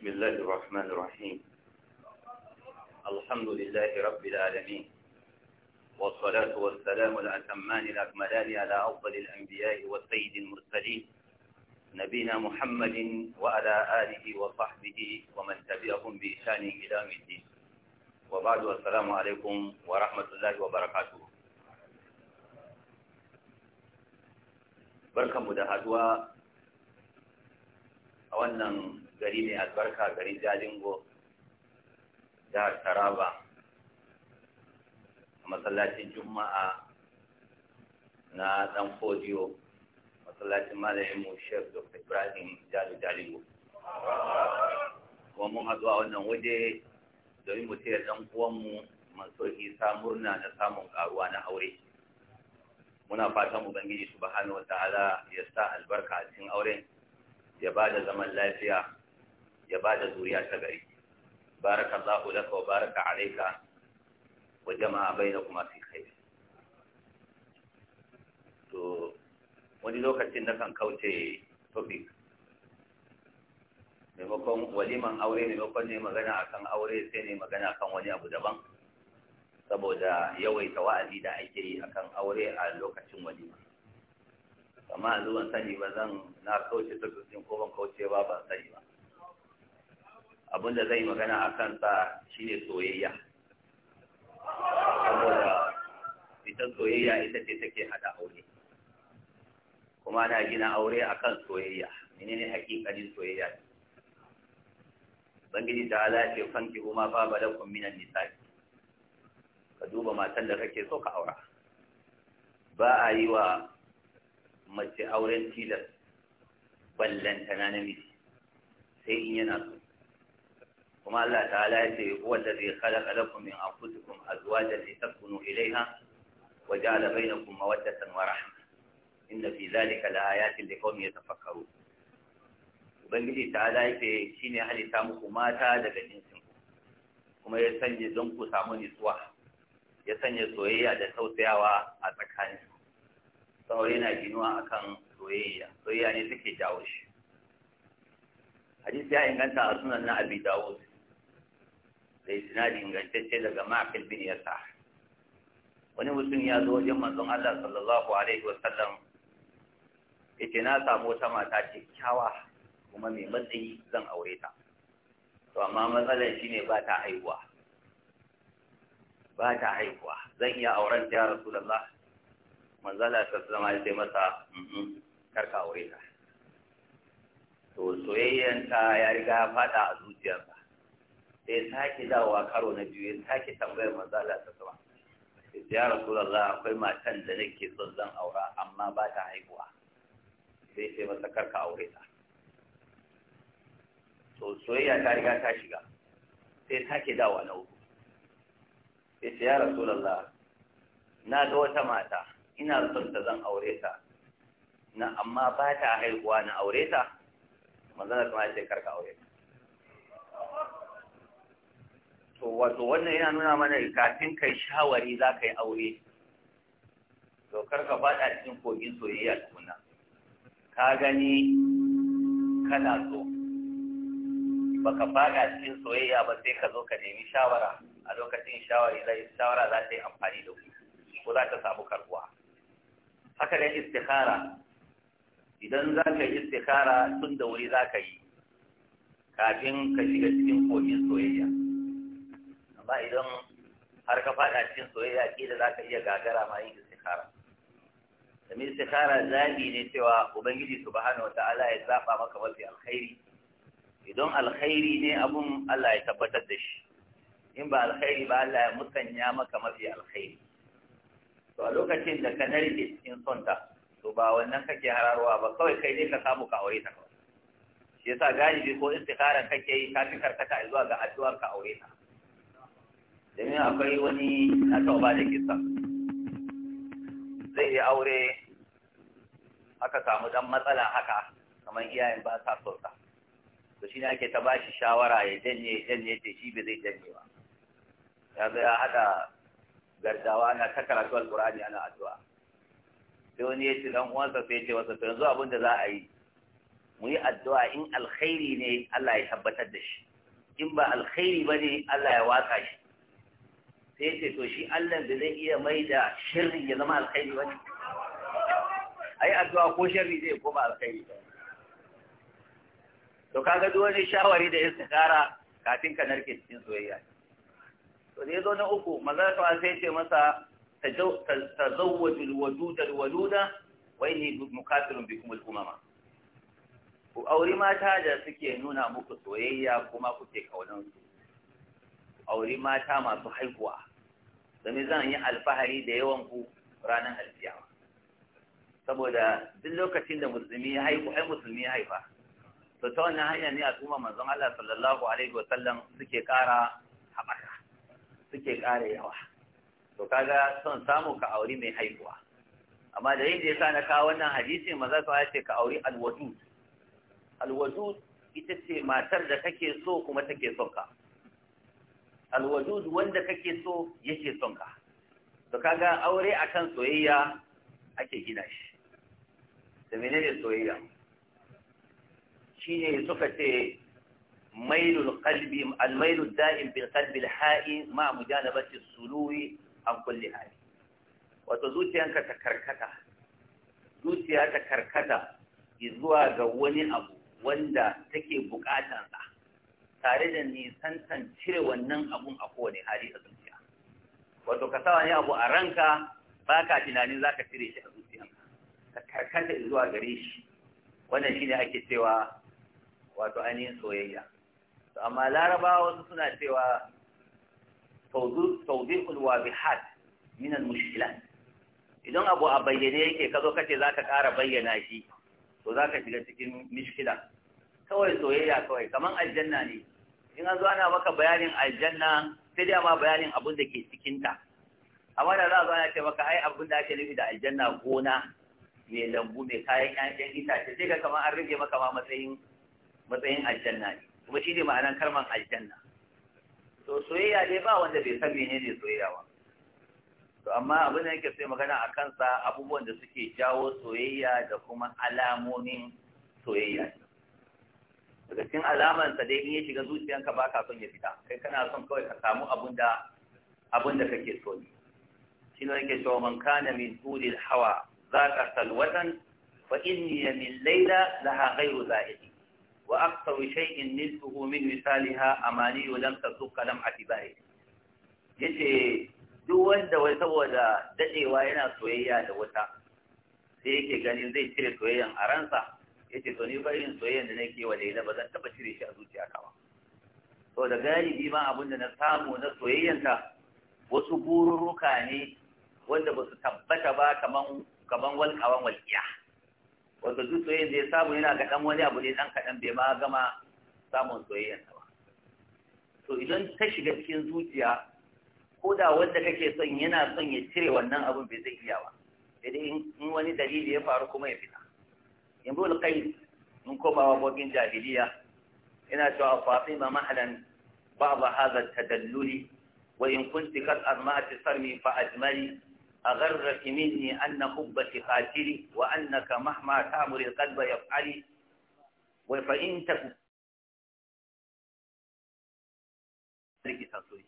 بسم الله الرحمن الرحيم الحمد لله رب العالمين والصلاة والسلام الأتمان الأكملان على أفضل الأنبياء والسيد المرسلين نبينا محمد وعلى آله وصحبه ومن تبعهم بإشان إلى الدين وبعد السلام عليكم ورحمة الله وبركاته بركة مدهدوة أولا gari mai albarka gari jalingo jihar taraba a masallacin juma'a na dan fodiyo masallacin malamin mu shek dr ibrahim jalu jalingo kuma mun haɗu a wannan waje domin mu taya ɗan uwanmu masu isa murna na samun karuwa na aure muna fatan ubangiji subhanahu wa ta'ala ya sa albarka a cikin auren ya ba da zaman lafiya ya ba da zuriya ta gari Allahu laka wa baraka alayka wa jama'a kuma fi khair to wani lokacin na kan kauce topic maimakon waliman aure maimakon ne magana akan aure sai ne magana kan wani abu daban saboda yawaita wa'azi da ake yi akan aure a lokacin walima amma a zuwan sani ba zan na kauce topic din ko ban kauce ba ban sani ba abin da zai magana a kansa shine soyayya saboda ita soyayya ita ce take hada aure kuma na gina aure a kan soyayya menene hakikalin soyayya bangiji ta ala ce fanki kuma ba da minan nisa'i ka duba matan da kake so ka aura ba a yi wa mace auren tilas na namiji sai in yana so kuma Allah ta'ala ya ce huwa allazi khalaqa lakum min anfusikum azwajan litaskunu ilayha wa ja'ala bainakum mawaddatan wa rahma inna fi dhalika laayatin liqaumin yatafakkarun ubangiji ta'ala ya ce shine halitta muku mata daga jinsin kuma ya sanya don ku samu nutsuwa ya sanya soyayya da tausayawa a tsakanin ku. saurayi na ginuwa akan soyayya soyayya ne take jawo shi hadisi ya inganta a sunan na abi dawud da isnadi ingantacce daga ma'akil bin yasa wani mutum ya zo wajen manzon Allah sallallahu alaihi wa sallam yace na samu wata mata ce kyawa kuma mai matsayi zan aure ta to amma matsalar shine ba ta haihuwa ba ta haihuwa zan iya auren ta ya rasulullah manzon Allah sallallahu alaihi wa sallam ya ce masa ka aure ta to ta ya riga ya fada a zuciyarsa sai ya sake dawowa karo na biyu ya sake tambayar manzo Allah ta sama ya rasulullah akwai matan da nake son zan aura amma ba ta haihuwa sai sai masa karka aure ta to soyayya ta riga ta shiga sai sake dawowa na uku sai ya rasulullah na ga wata mata ina son ta zan aure ta na amma ba ta haihuwa na aure ta manzo Allah kuma ya ce karka aure ta to wato wannan yana nuna mana kafin kai shawari za ka yi aure to kar ka faɗa cikin kogin soyayya tukuna ka gani kana so baka faɗa cikin soyayya ba sai ka zo ka nemi shawara a lokacin shawari zai shawara za ta yi amfani da ko za ta samu karbuwa haka dai istikhara idan za ka yi istikhara tun da wuri za ka yi kafin ka shiga cikin kogin soyayya Ba idan har ka faɗa cikin soyayya ke da za ka iya gagara ma yin istikhara domin istikhara zabi ne cewa ubangiji subhanahu wata'ala ya zaba maka mafi alkhairi idan alkhairi ne abun Allah ya tabbatar da shi in ba alkhairi ba Allah ya musanya maka mafi alkhairi to a lokacin da ka narke cikin sonta to ba wannan kake hararwa ba kawai kai ne ka samu ka aure ta kawai shi yasa galibi ko istikharan kake yi ka fi karkata zuwa ga addu'ar ka aure ta domin akwai wani na tauba da kisa zai yi aure aka samu dan matsala haka kamar iyayen ba sa sauta to shi ne ake ta ba shi shawara ya janye janye ce shi bai zai janye ba ya zai ya haɗa gardawa na ta karatu alƙur'ani ana addu'a sai wani ya ce dan uwansa sai ya ce yanzu abin da za a yi mu yi addu'a in alkhairi ne Allah ya tabbatar da shi in ba alkhairi ba ne Allah ya watsa shi sai ce to shi Allah da zai iya mai da shirin ya zama alkhairi ba ai addu'a ko shirin zai koma alkhairi ba to kaga duk wani shawari da istikara kafin ka narke cikin soyayya to da zo na uku maza ta sai ce masa ta tazawwaju alwaduda alwaluda wa inni mukathirun bikum al-umama ku auri mata da suke nuna muku soyayya kuma kuke kaunansu auri mata masu haihuwa domin zan yi alfahari da yawan ku ranar alfiyawa. saboda duk lokacin da musulmi ya haihu ai musulmi ya haifa to ta wannan hanya ne al'umma manzon Allah sallallahu alaihi wa sallam suke ƙara haɓaka suke ƙara yawa to kaga son samu ka auri mai haihuwa amma da yadda yasa na kawo wannan hadisi maza su ya ce ka auri alwadud alwadud ita ce matar da kake so kuma take son ka alwadud wanda kake so yake son ka to kaga aure akan soyayya ake gina shi da menene soyayya shine suka ce mailul qalbi al da'im bil qalbi al ha'i ma mujanabati suluwi an kulli hali wato zuciyanka ta karkata zuciya ta karkata zuwa ga wani abu wanda take bukatansa tare da nisantan cire wannan abun a kowane hali a zuciya wato ka sa wani abu a ranka ba ka tunanin za ka cire shi a zuciya ka karkata zuwa gare shi wannan shine ake cewa wato ainihin soyayya amma larabawa wasu suna cewa tawdiqul bi hat minan mushkilat idan abu a bayyane yake ka zo kace ka ƙara bayyana shi to za ka shiga cikin mishkila kawai soyayya kawai kaman aljanna ne in an zo ana maka bayanin aljanna sai dai ma bayanin abin da ke cikinta amma da za a zo ana ce maka ai abin da ake nufi da aljanna gona mai lambu mai kayan 'ya'yan itace sai ga kamar an rage maka ma matsayin matsayin aljanna ne kuma shi ne ma'anar kalmar aljanna to soyayya dai ba wanda bai san menene soyayya ba to amma abin da yake sai magana a kansa abubuwan da suke jawo soyayya da kuma alamomin soyayya daga cikin alaman sa dai in ya shiga zuciyanka ba ka son ya fita kai kana son kawai ka samu abunda da da kake so ne shi ne yake cewa man kana min tulil hawa zaka salwatan fa inni min layla laha ghayru zahidi wa aqsa shay'in nisbuhu min misaliha amani lam tasuk kalam atibai yace duk wanda wai saboda dadewa yana soyayya da wata sai yake ganin zai cire soyayyan a yace to ni ba yin soyayya da nake wa Laila ba zan taba cire shi a zuciya ta ba to da galibi ma abin da na samu na soyayyanta wasu bururuka ne wanda ba su tabbata ba kaman kaman walƙawan walƙiya wanda duk soyayya da ya samu yana ga dan wani abu ne dan kaɗan bai ma gama samun soyayyanta ba to idan ta shiga cikin zuciya ko da wanda kake son yana son ya cire wannan abun bai zai iya ba idan in wani dalili ya faru kuma ya fita imrul in mun koma waƙoƙin jahiliya ina cewa fatima mahlan haza ta dalluli. wa in kunti qad arma'ti sarmi fa ajmali أغرك مني أن حبك خاتري وأنك مهما تأمر القلب يفعلي وفإن تكن ذلك تصوي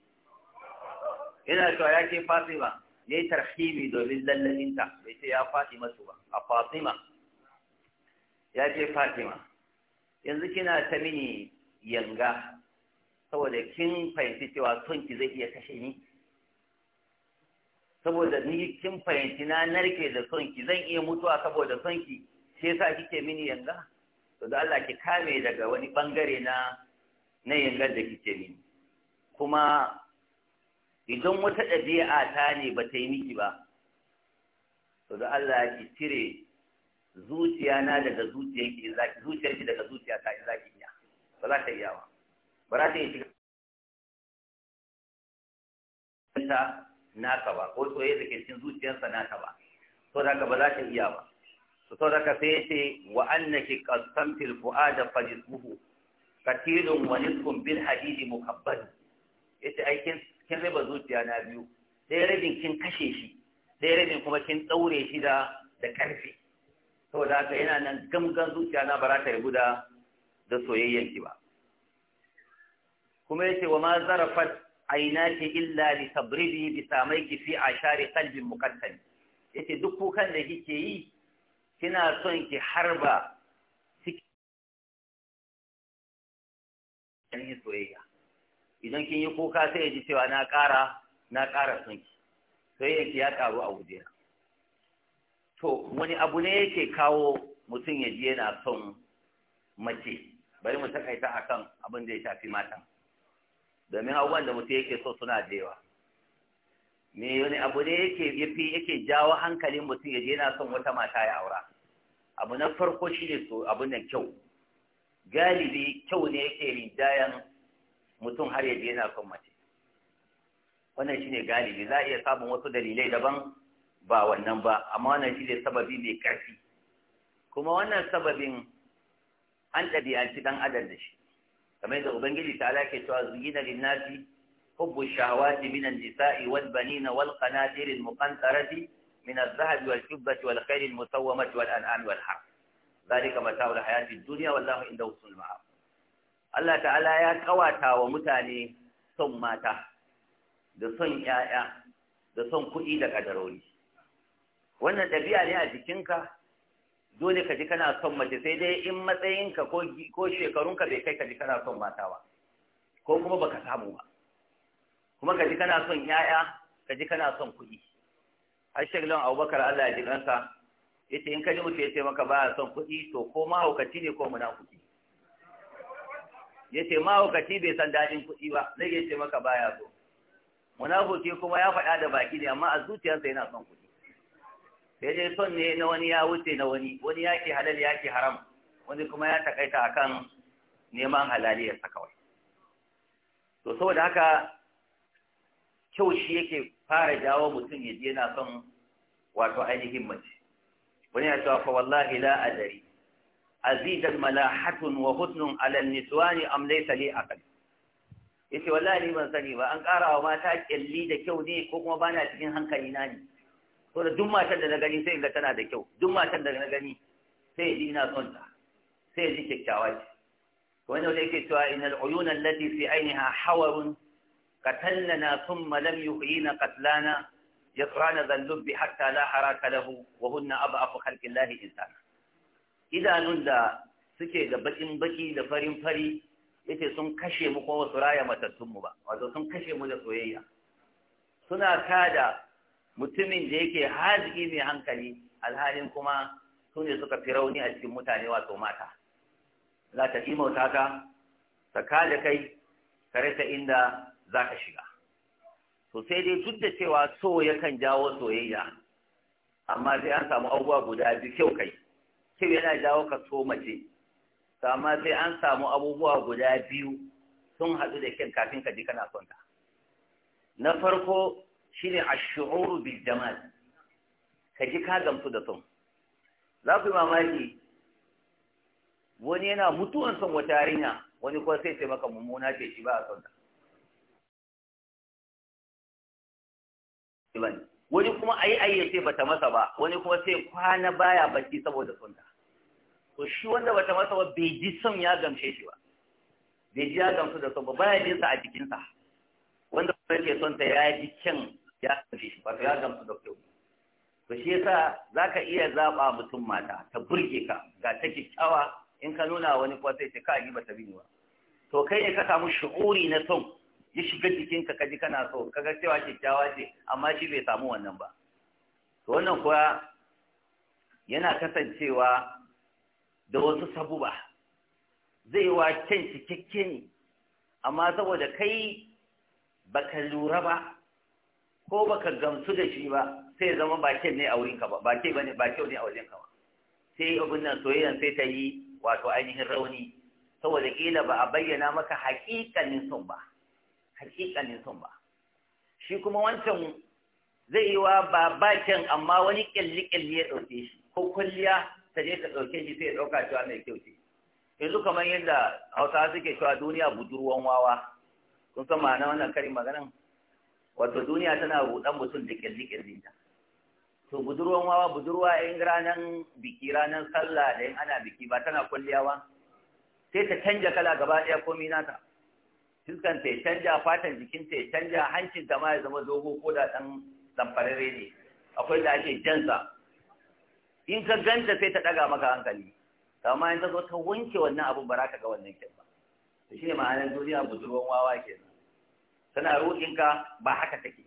ina cewa ya ke fatima ne tarhimi domin lallaninta bai ce ya faɗi masu ba a fatima ya ce fatima yanzu kina ta mini yanga saboda kin fahimci cewa son zai iya kashe ni saboda ni kin fahimci na narke da son ki zan iya mutuwa saboda son ki shi yasa kike mini yanga to da Allah ki kame daga wani bangare na na yanga da kike mini kuma idan wata ɗabi'a ta ne ba ta yi miki ba to da Allah ki cire zuciya na daga zuciyar ki zaki zuciyar ki daga zuciya ta in zaki iya ba za ta iya ba ba za ta yi shiga ta naka ba ko soyayya da ke cikin zuciyarsa naka ba to da ka ba za ta iya ba to to da ka sai ce wa annaki qasam qasamtil fuada fajisuhu katilun wa nisfun bil hadid mukabbad yace ai kin kin raba zuciya na biyu sai rabin kin kashe shi sai rabin kuma kin daure shi da da karfi saboda haka yana nan gamgan zuciya na ba ta yi guda da ki ba kuma yace wa ma zarafat ainaki illa li tabribi bi samayki fi ashari qalbi muqaddam yace duk kukan da kike yi kina son ki harba cikin soyayya idan kin yi kuka sai ya ji cewa na ƙara na ƙara son ki ki ya karu a wujena to wani abu ne yake kawo mutum ya ji yana son mace bari mu takaita akan abin da ya shafi mata, domin abubuwan da mutum yake so suna da yawa me wani abu ne yake yafi yake jawo hankalin mutum ya ji yana son wata mata ya aura abu na farko shi ne so abin nan kyau galibi kyau ne yake rinjayen mutum har ya ji yana son mace wannan shi ne galibi za a iya samun wasu dalilai daban ba wannan ba amma wannan shi ne sababi mai ƙarfi kuma wannan sababin an ɗabi'anci ɗan adam da shi kamar yadda ubangiji ta ke cewa zuyina linnasi hubbu shahawati min an-nisa'i wal banina wal qanatir al-muqantarati min adh-dhahabi wal fiddati wal khayl al-musawwamati wal an'ami wal harb zalika mata'ul hayati ad-dunya wallahu inda husnul ma'ab Allah ta'ala ya kawata wa mutane son mata da son 'ya'ya da son kuɗi da kadarori wannan ɗabi'a ne a jikinka dole ka ji kana son mace sai dai in matsayinka ko shekarunka bai kai ka ji kana son mata ba ko kuma baka samu ba kuma ka ji kana son 'ya'ya ka ji kana son kuɗi har shagilan abubakar allah ya ji ya ce in ka ji mutu ya ce maka baya son kuɗi to ko mahaukaci ne ko muna Ya yace mahaukaci bai san daɗin kuɗi ba zai yace maka baya so munafiki kuma ya faɗa da baki ne amma a zuciyarsa yana son kuɗi sai dai son ne na wani ya wuce na wani wani ya ke halal ya ke haram wani kuma ya takaita kan neman halaliyarsa kawai to saboda haka kyau shi yake fara jawo mutum ya je yana son wato ainihin mace wani ya cewa fa wallahi la adari azidan malahatun wa hudnun ala niswani am laysa li aqal yace wallahi ban sani ba an karawa mata kyalli da kyau ne ko kuma bana cikin hankali na ne to da duk matan da na gani sai ga tana da kyau duk matan da na gani sai ji ina son ta sai ji kyakkyawa ce wani wanda yake cewa inal uyunan allati fi ainiha hawarun na ثم ya يحيين قتلانا يطران ذا اللب lahara kalahu حراك له abu أضعف خلق lahi, insana. Idanun da suke da bakin baki da farin fari yake sun kashe mu ko wasu raya matattunmu mu ba wato sun kashe mu da soyayya suna kada mutumin da yake haziki mai hankali alhalin kuma su ne suka fi rauni a cikin mutane wato mata za ta fi mauta ka ta kada kai ka rasa inda za ka shiga to sai dai duk da cewa so yakan jawo soyayya amma sai an samu abubuwa guda biyu kyau kai kyau yana jawo ka so mace amma sai an samu abubuwa guda biyu sun haɗu da kyan kafin ka ji kana son ta na farko shine a shuuru bil jamal ka ji ka gamsu da son za ku yi mamaki wani yana mutuwan son wata yarinya wani kuma sai ce maka mummuna ce shi ba a son ta wani kuma ayi ayi ce bata masa ba wani kuma sai kwana baya bacci saboda son ta to shi wanda bata masa ba bai ji son ya gamshe shi ba bai ji ya gamsu da son ba baya jinsa a jikinsa wanda kuma ke son ta ya ji kyan ya tafi shi wato ya gamsu da kyau to shi yasa zaka iya zaɓa mutum mata ta burge ka ga ta kyakkyawa in ka nuna wani kuwa sai ta ka yi bata bi ba to kai ne ka samu shu'uri na son ya shiga jikinka ka ji kana so ka ga cewa kyakkyawa ce amma shi bai samu wannan ba to wannan kuwa yana kasancewa da wasu sabuba zai wa kyan cikakke ne amma saboda kai baka lura ba ko baka gamsu da shi ba sai zama ba ne a wurinka ba ba ke bane ne a wajenka ba sai abin nan soyayyan sai ta yi wato ainihin rauni saboda kila ba a bayyana maka haƙiƙanin son ba haƙiƙanin son ba shi kuma wancan zai yi wa ba bakin amma wani kyalli-kyalli ya ɗauke shi ko kwalliya ta je ta ɗauke shi sai ya ɗauka cewa mai kyau ce yanzu kamar yadda hausawa suke cewa duniya budurwan wawa kun san ma'ana wannan karin maganan wato duniya tana rudan mutum da kirli-kirli ta to budurwan wawa budurwa in ranan biki ranan sallah da in ana biki ba tana kulliyawa sai ta canja kala gaba ɗaya komai nata fiskan ta canja fatan jikin ta canja hancin ta ma ya zama dogo ko da ɗan ne akwai da ake jansa in ka ganta sai ta ɗaga maka hankali amma in ta zo ta wanke wannan abun ba za ka ga wannan kyan ba shi ne ma'anar duniya budurwan wawa kenan tana ruhinka ba haka take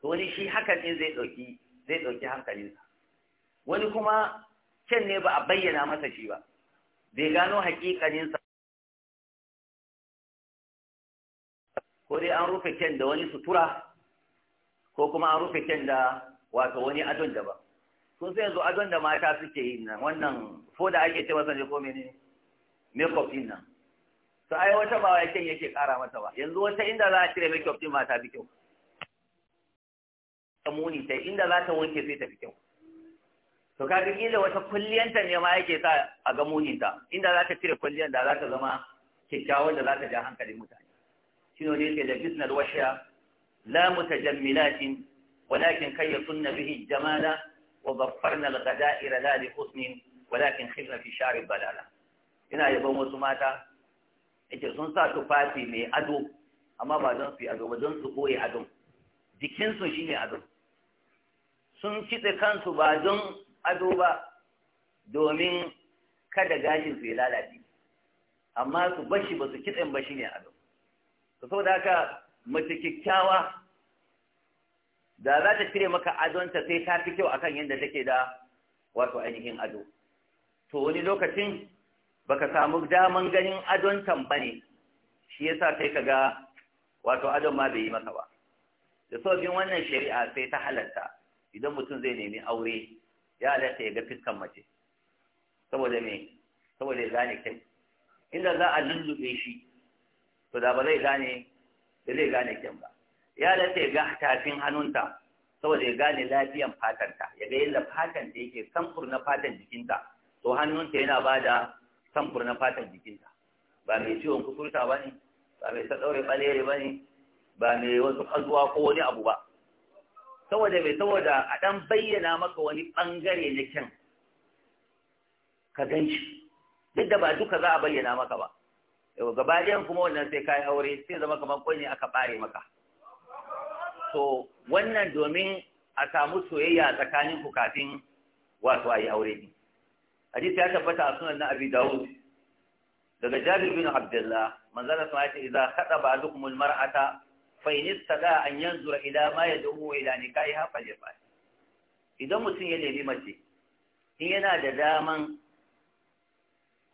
to wani shi hakan din zai dauki zai dauki hankalinsa wani kuma can ne ba a bayyana masa shi ba bai gano hakikaninsa ko dai an rufe kyan da wani sutura ko kuma an rufe kyan da wato wani adon da ba sun sai yanzu adon da mata suke yi nan wannan foda ake ce masa ne ko menene makeup din nan to ai wata ba wai kyan yake ƙara mata ba yanzu wata inda za a cire make up din ta fi kyau ta muni inda za ta wanke sai ta fi kyau to kaga kila wata kulliyanta ne ma yake sa a ga muninta inda za ta cire kulliyan da za ta zama kyakkyawan da za ta ja hankalin mutane Shino ne yake da bisnal washiya la mutajammilatin walakin kayyasunna bihi jamala wa zaffarna al-ghada'ira la li husnin walakin khifna fi sha'ri balala ina yabon wasu mata yace sun sa tufafi mai ado amma ba don su yi ado ba don su koye ado jikinsu shine ado sun kitse kansu ba don ado ba domin kada gashin su ya lalace amma su bashi ba su kitse ba shine ado to saboda haka mace kyakkyawa da za ta cire maka adonta sai ta fi kyau akan yadda take da wato ainihin ado to wani lokacin baka samu daman ganin adon tambane shi yasa sai ga wato adon ma bai yi maka ba da sabbin wannan shari'a sai ta halatta idan mutum zai nemi aure ya halatta ya ga fiskan mace saboda me saboda ya gane kai inda za a lullube shi to da ba zai gane da zai gane kyan ba ya halatta ya ga tafin hannunta saboda ya gane lafiyan fatanta ya ga yadda fatanta yake samfur na fatan jikinta to hannunta yana ba da samfur na fatan jikinta. ba mai ciwon kusurta ba ne ba mai sadaure balere ba ne ba mai wasu ƙazuwa ko wani abu ba saboda mai saboda a ɗan bayyana maka wani ɓangare na kyan ka gan shi duk da ba duka za a bayyana maka ba yau ɗayan kuma wannan sai kayi aure sai zama kamar ƙwai ne aka ɓare maka to wannan domin a samu soyayya tsakanin kafin wato a yi aure ne hadisi ya tabbata a sunan na abi dawud daga jabir bin abdullah manzala ya ce idza khada ba'dukum almar'ata fa in istada an yanzura ila ma yad'u ila nikaiha falyafal idan mutum ya nemi mace in yana da daman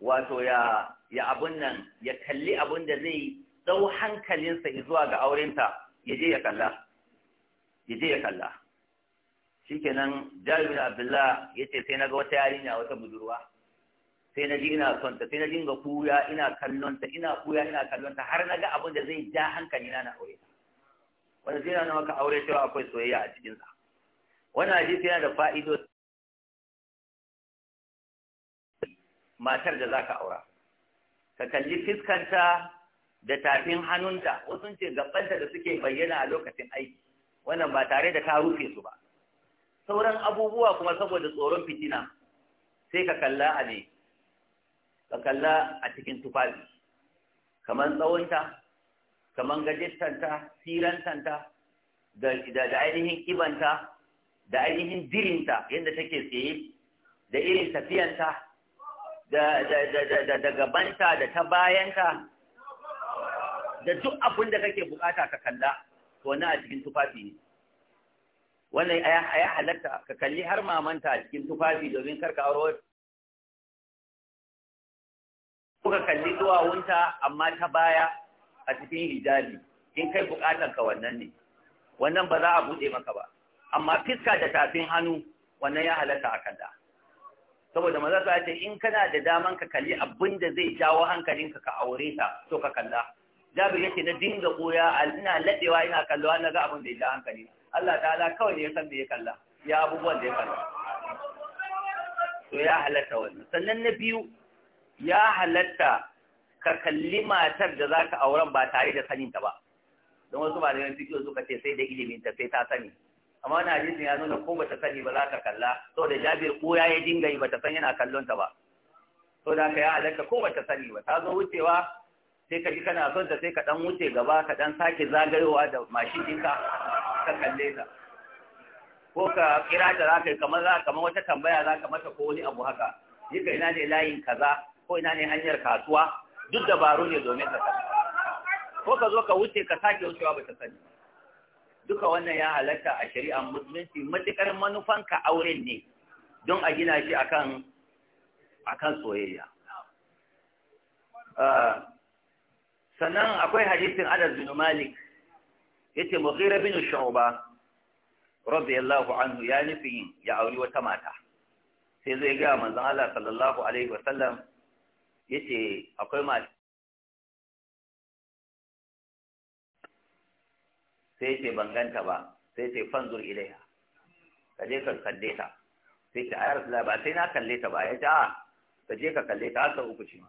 wato ya ya abun nan ya kalli abun da zai dau hankalinsa zuwa ga aurenta ya je ya kalla ya je ya kalla shikenan jabir abdullah yace sai na ga wata yarinya wata budurwa sai na ji ina son ta sai na ga kuya ina kallon ta ina kuya ina kallon ta har naga abin da zai ja hankali na na aure wanda zai na maka aure cewa akwai soyayya a cikin sa wannan shi yana da fa'ido matar da zaka aura ka kalli fiskanta da tafin hannunta wasu ce gabanta da suke bayyana a lokacin aiki wannan ba tare da ka rufe su ba sauran abubuwa kuma saboda tsoron fitina sai ka kalla a ne ka kalla a cikin tufafi kamar tsawonta kamar gajistanta sirantanta da da ainihin kibanta da ainihin dirinta yadda take tsaye da irin tafiyanta da da da gabanta da ta bayanta da duk abin da kake bukata ka kalla to na a cikin tufafi ne wannan ya halatta ka kalli har mamanta a cikin tufafi domin karka aro kuka kalli duwawunta amma ta baya a cikin hijabi in kai bukatan ka wannan ne wannan ba za a buɗe maka ba amma fiska da tafin hannu wannan ya halatta a kanta saboda maza ta ce in kana da daman ka kalli abin da zai jawo hankalinka ka aure ta to ka kalla Jabi yake na dinga koya ina ladewa ina kallo na ga abin da ya hankali Allah ta'ala kawai ne ya san da ya kalla ya abubuwan da ya kalla to ya halatta wannan sannan na biyu ya halatta ka kalli matar da zaka auren ba tare da saninta ba don wasu malaman fikiyo suka ce sai da ilimin ta sai ta sani amma na hadisin ya nuna ko bata sani ba za ka kalla saboda jabir koya ya dinga yi bata san yana kallon ta ba to da ka ya halatta ko bata sani ba ta zo wucewa sai ka ji kana son ta sai ka dan wuce gaba ka dan sake zagayowa da mashin ɗinka ka kalle ta ko ka kira ta za ka kamar za kamar wata tambaya za ka mata ko wani abu haka yika ina ne layin kaza ko ina ne hanyar kasuwa duk dabaru ne domin ka sani ko ka zo ka wuce ka sake wucewa ba ta sani duka wannan ya halatta a shari'ar musulunci matukar ka auren ne don a gina shi akan akan soyayya ah, sannan akwai hadisin adar bin Malik yace Mughira bin Shu'ba radiyallahu anhu ya nufi ya auri wata mata sai zai ga manzon Allah sallallahu alaihi wasallam yace akwai mata sai ce ban ba sai ce fanzur ilaiha ka je ka kalle ta sai ce ayar ba sai na kalle ta ba ya ce a ka je ka kalle ta har uku shi ma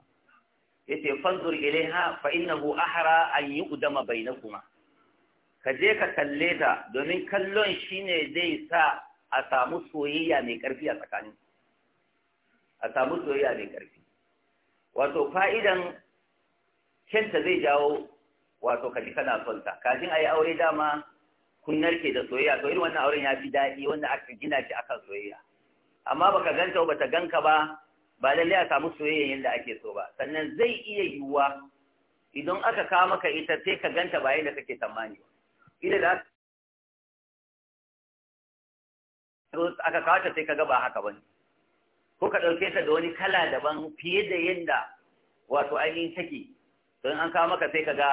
yace fanzur ilaiha fa innahu ahra an yuqdama bainakuma ka je ka kalle ta domin kallon shine zai sa a samu soyayya mai karfi a tsakanin a samu soyayya mai karfi wato fa'idan kenta zai jawo wato ka ji kana son ta kafin ayi aure dama kun narke da soyayya to irin wannan auren ya fi daɗi wanda aka gina shi akan soyayya amma baka ganta ba ta ganka ba ba lallai a samu soyayya yadda ake so ba sannan zai iya yiwuwa idan aka kawo maka ita sai ka ganta ba yadda kake tsammani ba ita da aka kawo ta sai ka ga ba haka ba ne ko ka ɗauke ta da wani kala daban fiye da yadda wato ainihin take don an kawo maka sai ka ga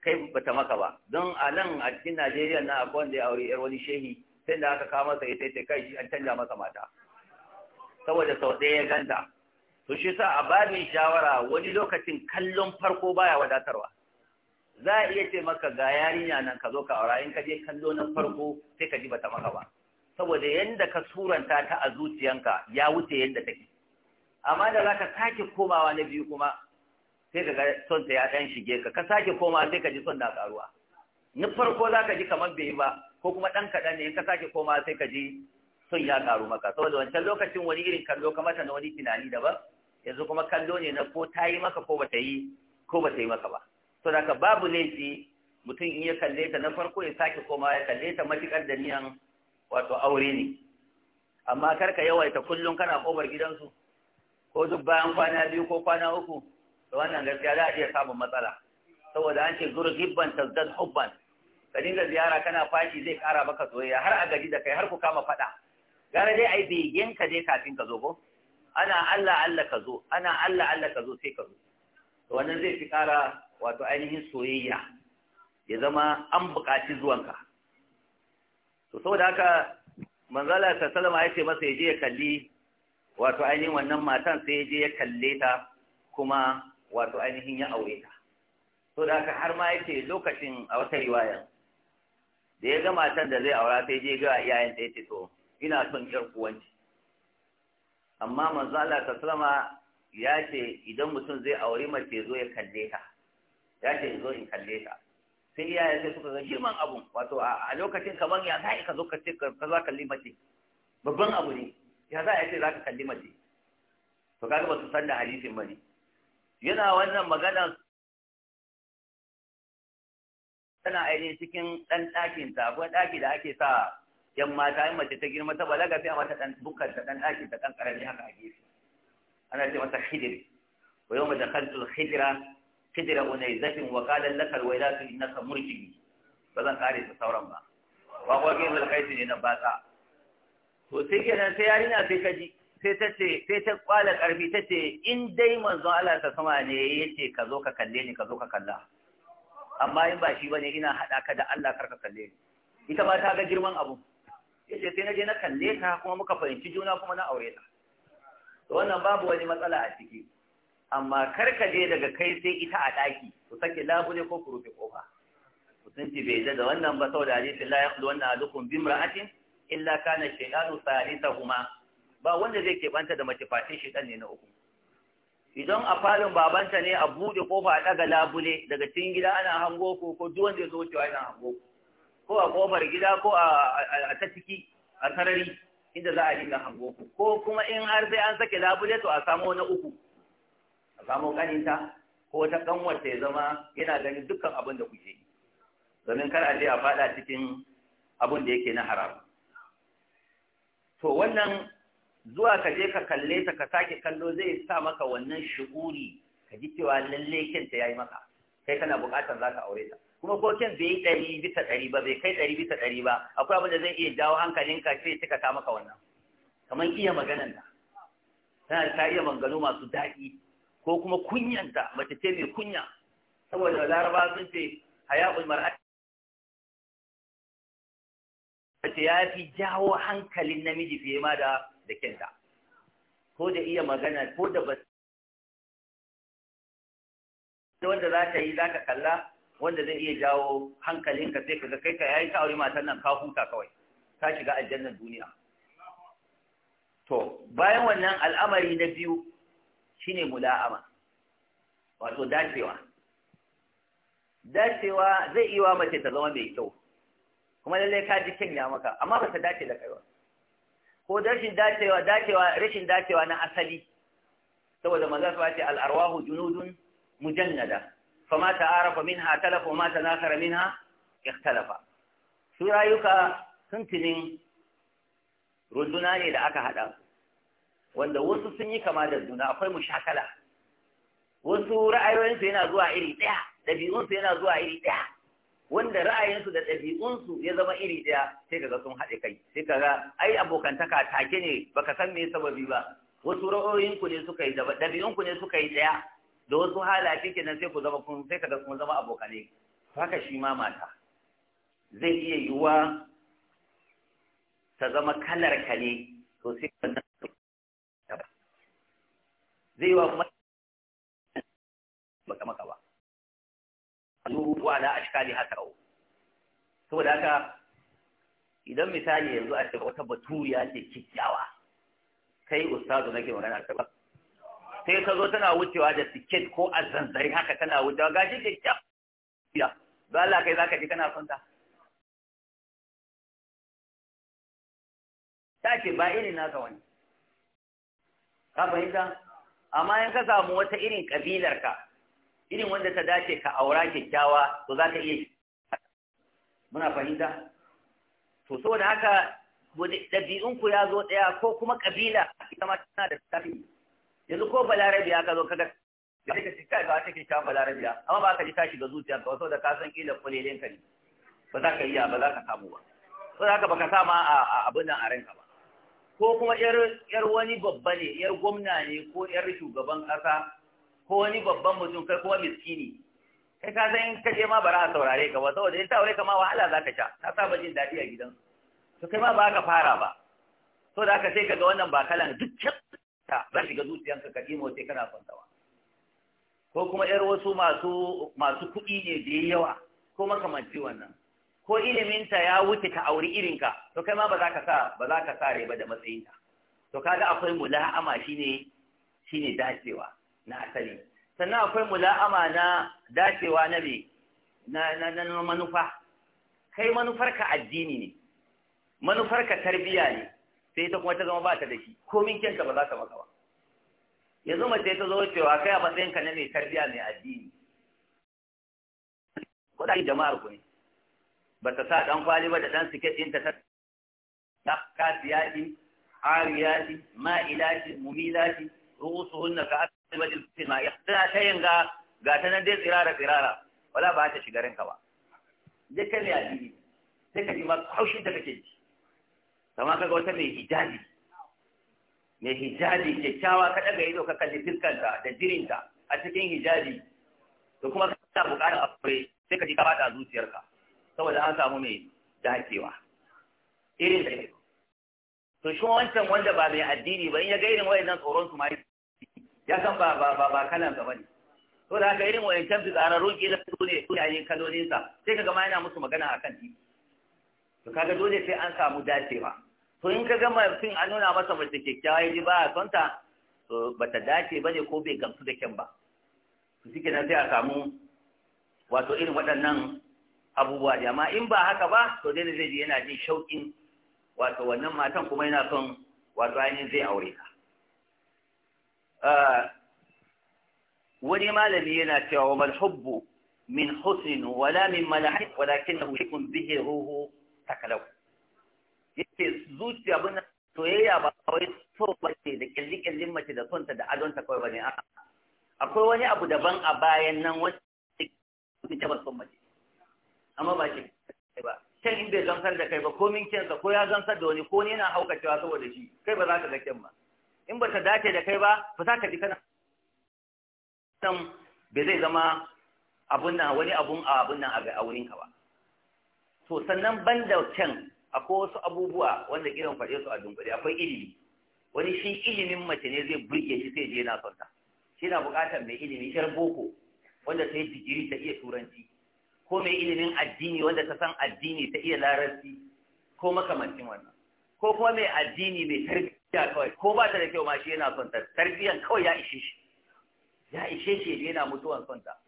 kai bata maka ba don a nan a cikin najeriya na akwai wanda ya aure yar wani shehi sai da aka kawo masa ita ita kai shi an canja masa mata saboda sau ɗaya ya ganta to shi sa a babin shawara wani lokacin kallon farko baya wadatarwa za a iya ce maka ga yarinya nan ka zo ka aura in ka je kallo na farko sai ka ji bata maka ba saboda yanda ka suranta ta a zuciyanka ya wuce yanda take amma da za ka sake komawa na biyu kuma sai ka ga son ta ya dan shige ka ka sake komawa sai ka ji son na karuwa na farko za ka ji kamar bai ba ko kuma dan kaɗan ne in ka sake komawa sai ka ji sun ya karu maka saboda wancan lokacin wani irin kallo ka mata na wani tunani daban yanzu kuma kallo ne na ko ta yi maka ko bata yi ko bata yi maka ba to da babu laifi mutum in ya kalle ta na farko ya sake koma ya kalle ta matukar da niyan wato aure ne amma kar ka yawaita kullum kana kofar gidansu ko duk bayan kwana biyu ko kwana uku da wannan gaskiya za a iya samun matsala saboda an ce zur gibban tazdad hubban ka dinga ziyara kana fashi zai kara maka soyayya har a gaji da kai har ku kama faɗa. gara dai ai begen ka dai kafin ka zo ko ana Allah Allah ka zo ana Allah Allah ka zo sai ka zo to wannan zai fi ƙara wato ainihin soyayya ya zama an buƙaci zuwanka to saboda haka manzala ta salama ya ce masa ya je ya kalli wato ainihin wannan matan sai ya je ya kalle ta kuma wato ainihin ya aure ta to da haka har ma ya ce lokacin a wata riwaya da ya ga matan da zai aura sai je ga iyayen ta ya ce to ina son ƴar uwanci amma manzo Allah ta sallama ya ce idan mutum zai aure mace zo ya kalle ta ya ce zo in kalle ta sai iyaye sai suka ga girman abun wato a lokacin kaman ya za ka zo ka ce ka za kalli mace babban abu ne ya za a ce za ka kalli mace to kaga ba su san da hadisin ba ne yana wannan magana tana ainihin cikin ɗan ɗakin ta akwai ɗaki da ake sa yan mata yan mace ta girma ta balaga sai a mata dan bukkar ta dan daki ta dan karami haka a gefe ana ce masa hijir wa yawma dakhaltu al-hijra hijra unayzatin wa qala laka al-waylatu innaka ba bazan kare ta sauran ba wa ko ke zal kaisi ne na ta to sai kenan sai yarinya sai ka ji sai ta ce sai ta kwala karfi ta ce in dai manzon Allah ta sama ne yace ka zo ka kalle ni ka zo ka kalla amma in ba shi bane ina hada ka da Allah karka kalle ni ita ma ta ga girman abu yace sai na je na kalle ta kuma muka fahimci juna kuma na aure ta to wannan babu wani matsala a ciki amma kar ka je daga kai sai ita a daki ku sake labule ko ku rufe kofa mutunci bai da wannan ba saboda hadisi la yaqdu wannan alukum bimra'atin illa kana shaytanu huma. ba wanda zai kebanta da mace fatin shaytan ne na uku idan a falon babanta ne a buɗe kofa a ɗaga labule daga cikin gida ana hango ko ko duk wanda ya zo wucewa hango ko ko a kofar gida ko a ta ciki a sarari inda za a dinga hango ko kuma in har sai an sake labule to a samo na uku a samo kaninta ko ta kanwar ya zama yana ganin dukkan abin da kuke domin kar a je a fada cikin abin da yake na haram to wannan zuwa ka je ka kalle ta ka sake kallo zai sa maka wannan shuguri ka ji cewa lalle kinta yayi maka kai kana bukatar za ka aure ta kuma ko kyan bai yi ɗari bisa ɗari ba bai kai ɗari bisa ɗari ba akwai abin da zai iya jawo hankalinka sai cika ta maka wannan kamar iya maganan da tana ta iya masu daɗi ko kuma kunyanta mace ce mai kunya saboda laraba sun ce haya'ul mar'at mace ya fi jawo hankalin namiji fiye ma da da kenta ko da iya magana ko da ba wanda za ta yi za ka kalla wanda zai iya jawo hankalinka sai kaga kai ka yayi ta aure matan nan ka huta kawai ka shiga aljannar duniya to bayan wannan al'amari na biyu shine mula'ama wato dacewa dacewa zai iya wa mace ta zama mai kyau kuma lallai ka ji kyan ya maka amma ba ta dace da kaiwa ko rashin dacewa dacewa rashin dacewa na asali saboda manzo ya ce al-arwahu junudun mujannada فما تعارف منها تلف وما تناثر منها اختلف su rayuka tuntunin runduna ne da aka haɗa wanda wasu sun yi kama da juna akwai mushakala wasu ra'ayoyinsu yana zuwa iri ɗaya ɗabi'unsu yana zuwa iri ɗaya wanda ra'ayinsu da ɗabi'unsu ya zama iri ɗaya sai kaga sun haɗe kai sai kaga ai abokantaka take ne baka san me sababi ba wasu ra'ayoyinku ne suka yi ɗabi'unku ne suka yi ɗaya da wasu halaye kenan sai ku zama kun sai kaga kuma zama abokane haka shi ma mata zai iya yiwuwa ta zama kalar ka ne to sai wannan zai wa kuma baka maka ba aluru wa ala ashkali haka saboda haka idan misali yanzu a ce wata baturiya ce kikkiawa kai ustazu nake magana ta ba sai ka zo tana wucewa da siket ko a zanzari haka tana wucewa gashi kyakkyawa ba Allah kai zaka ji kana son ta ta ce ba irin naka wani ka fahimta amma in ka samu wata irin kabilar ka irin wanda ta dace ka aura kyakkyawa to za ka iya muna fahimta to saboda haka ɗabi'unku ya zo ɗaya ko kuma kabila ita ma tana da tafi yanzu ko balarabiya ka zo kaga da ka ci kai ba ta ke kan balarabiya amma ba ka ji tashi ga zuciya ka wato da ka san kila kulelen ka ne ba za ka iya ba za ka samu ba to haka baka sama a abin nan a ranka ba ko kuma yar wani babba ne yar gwamna ne ko yar shugaban kasa ko wani babban mutum kai kuma miskini kai ka san ka je ma bara a saurare ka ba saboda in ta aure ka ma wahala za ka sha ta saba jin daɗi a gidan to kai ma ba ka fara ba so da aka sai ka ga wannan ba kalan duk ta za shiga zuciyanka ka ɗima wace kana kwantawa ko kuma ‘yar wasu masu masu kuɗi ne da yawa ko makamanci wannan ko iliminta ya wuce ta auri irinka to kai ma ba za ka sa ba za ka sare ba da matsayinka to kaga akwai mula'ama shine shine dacewa na asali sannan akwai mula'ama na dacewa na me na na manufa kai manufarka addini ne manufarka tarbiyya ne sai ita kuma ta zama ba ta da shi komin kyanta ba za ta maka ba yanzu mace ta zo cewa kai a matsayinka na mai tarbiya mai addini kuɗaɗen jama'ar ku ne ba ta sa ɗan kwali ba da ɗan siket ɗinta ta ta kasiyati mumila ma'ilati rusu hunna ka asibati ma tana ta yin ga ga ta nan dai tsirara tsirara wala ba ta shiga ranka ba duk kai mai addini sai ka ji ma haushin da kake ji kamar kaga wata mai hijabi mai hijabi kyakkyawa ka daga ido ka kalli fiskanta da jirinta a cikin hijabi to kuma kana buƙatar aure sai ka ji ka bada zuciyarka saboda an samu mai dakewa irin da to shi wancan wanda ba mai addini ba in ya ga irin wayannan tsoron su ma ya san ba ba ba ba kalan ba ne to da haka irin wayancan fitsararrun kila su ne su ne kalolinsa sai ka ga ma yana musu magana akan titi to kaga dole sai an samu dacewa to in ka gama fim an nuna masa mace kyakkyawa ya ji ba a son to ba ta dace ba ne ko bai gamsu da kyan ba to shi kenan sai a samu wato irin waɗannan abubuwa da amma in ba haka ba to dai zai ji yana jin shauƙin wato wannan matan kuma yana son wato ainihin zai aure ka ah, wani malami yana cewa wa malhubbu min husnin wala min malahi walakin na hukun bihe ruhu takalau yace zuciya bin soyayya ba kawai so bace da kyalli kyallin mace da sonta da adonta kawai bane a akwai wani abu daban a bayan nan wanda ta ba son mace amma ba shi ba Ken in bai gamsar da kai ba ko min kyansa ko ya gamsar da wani ko ni na haukacewa saboda shi kai ba za ka ga kyan ba in ba ta dace da kai ba ba za ka ji kana san bai zai zama abun nan wani abun a abun nan a wurinka ba to sannan ban da akwai wasu abubuwa wanda irin faɗe su a dunkule akwai ilimi wani shi ilimin mace ne zai burge shi sai je na son ta shi na buƙatar mai ilimi yar boko wanda ta yi digiri ta iya turanci ko mai ilimin addini wanda ta san addini ta iya larabci ko makamancin wannan ko kuma mai addini mai tarbiyya kawai ko ba ta da kyau ma shi yana son ta tarbiyyan kawai ya ishe shi ya ishe shi yana mutuwan son ta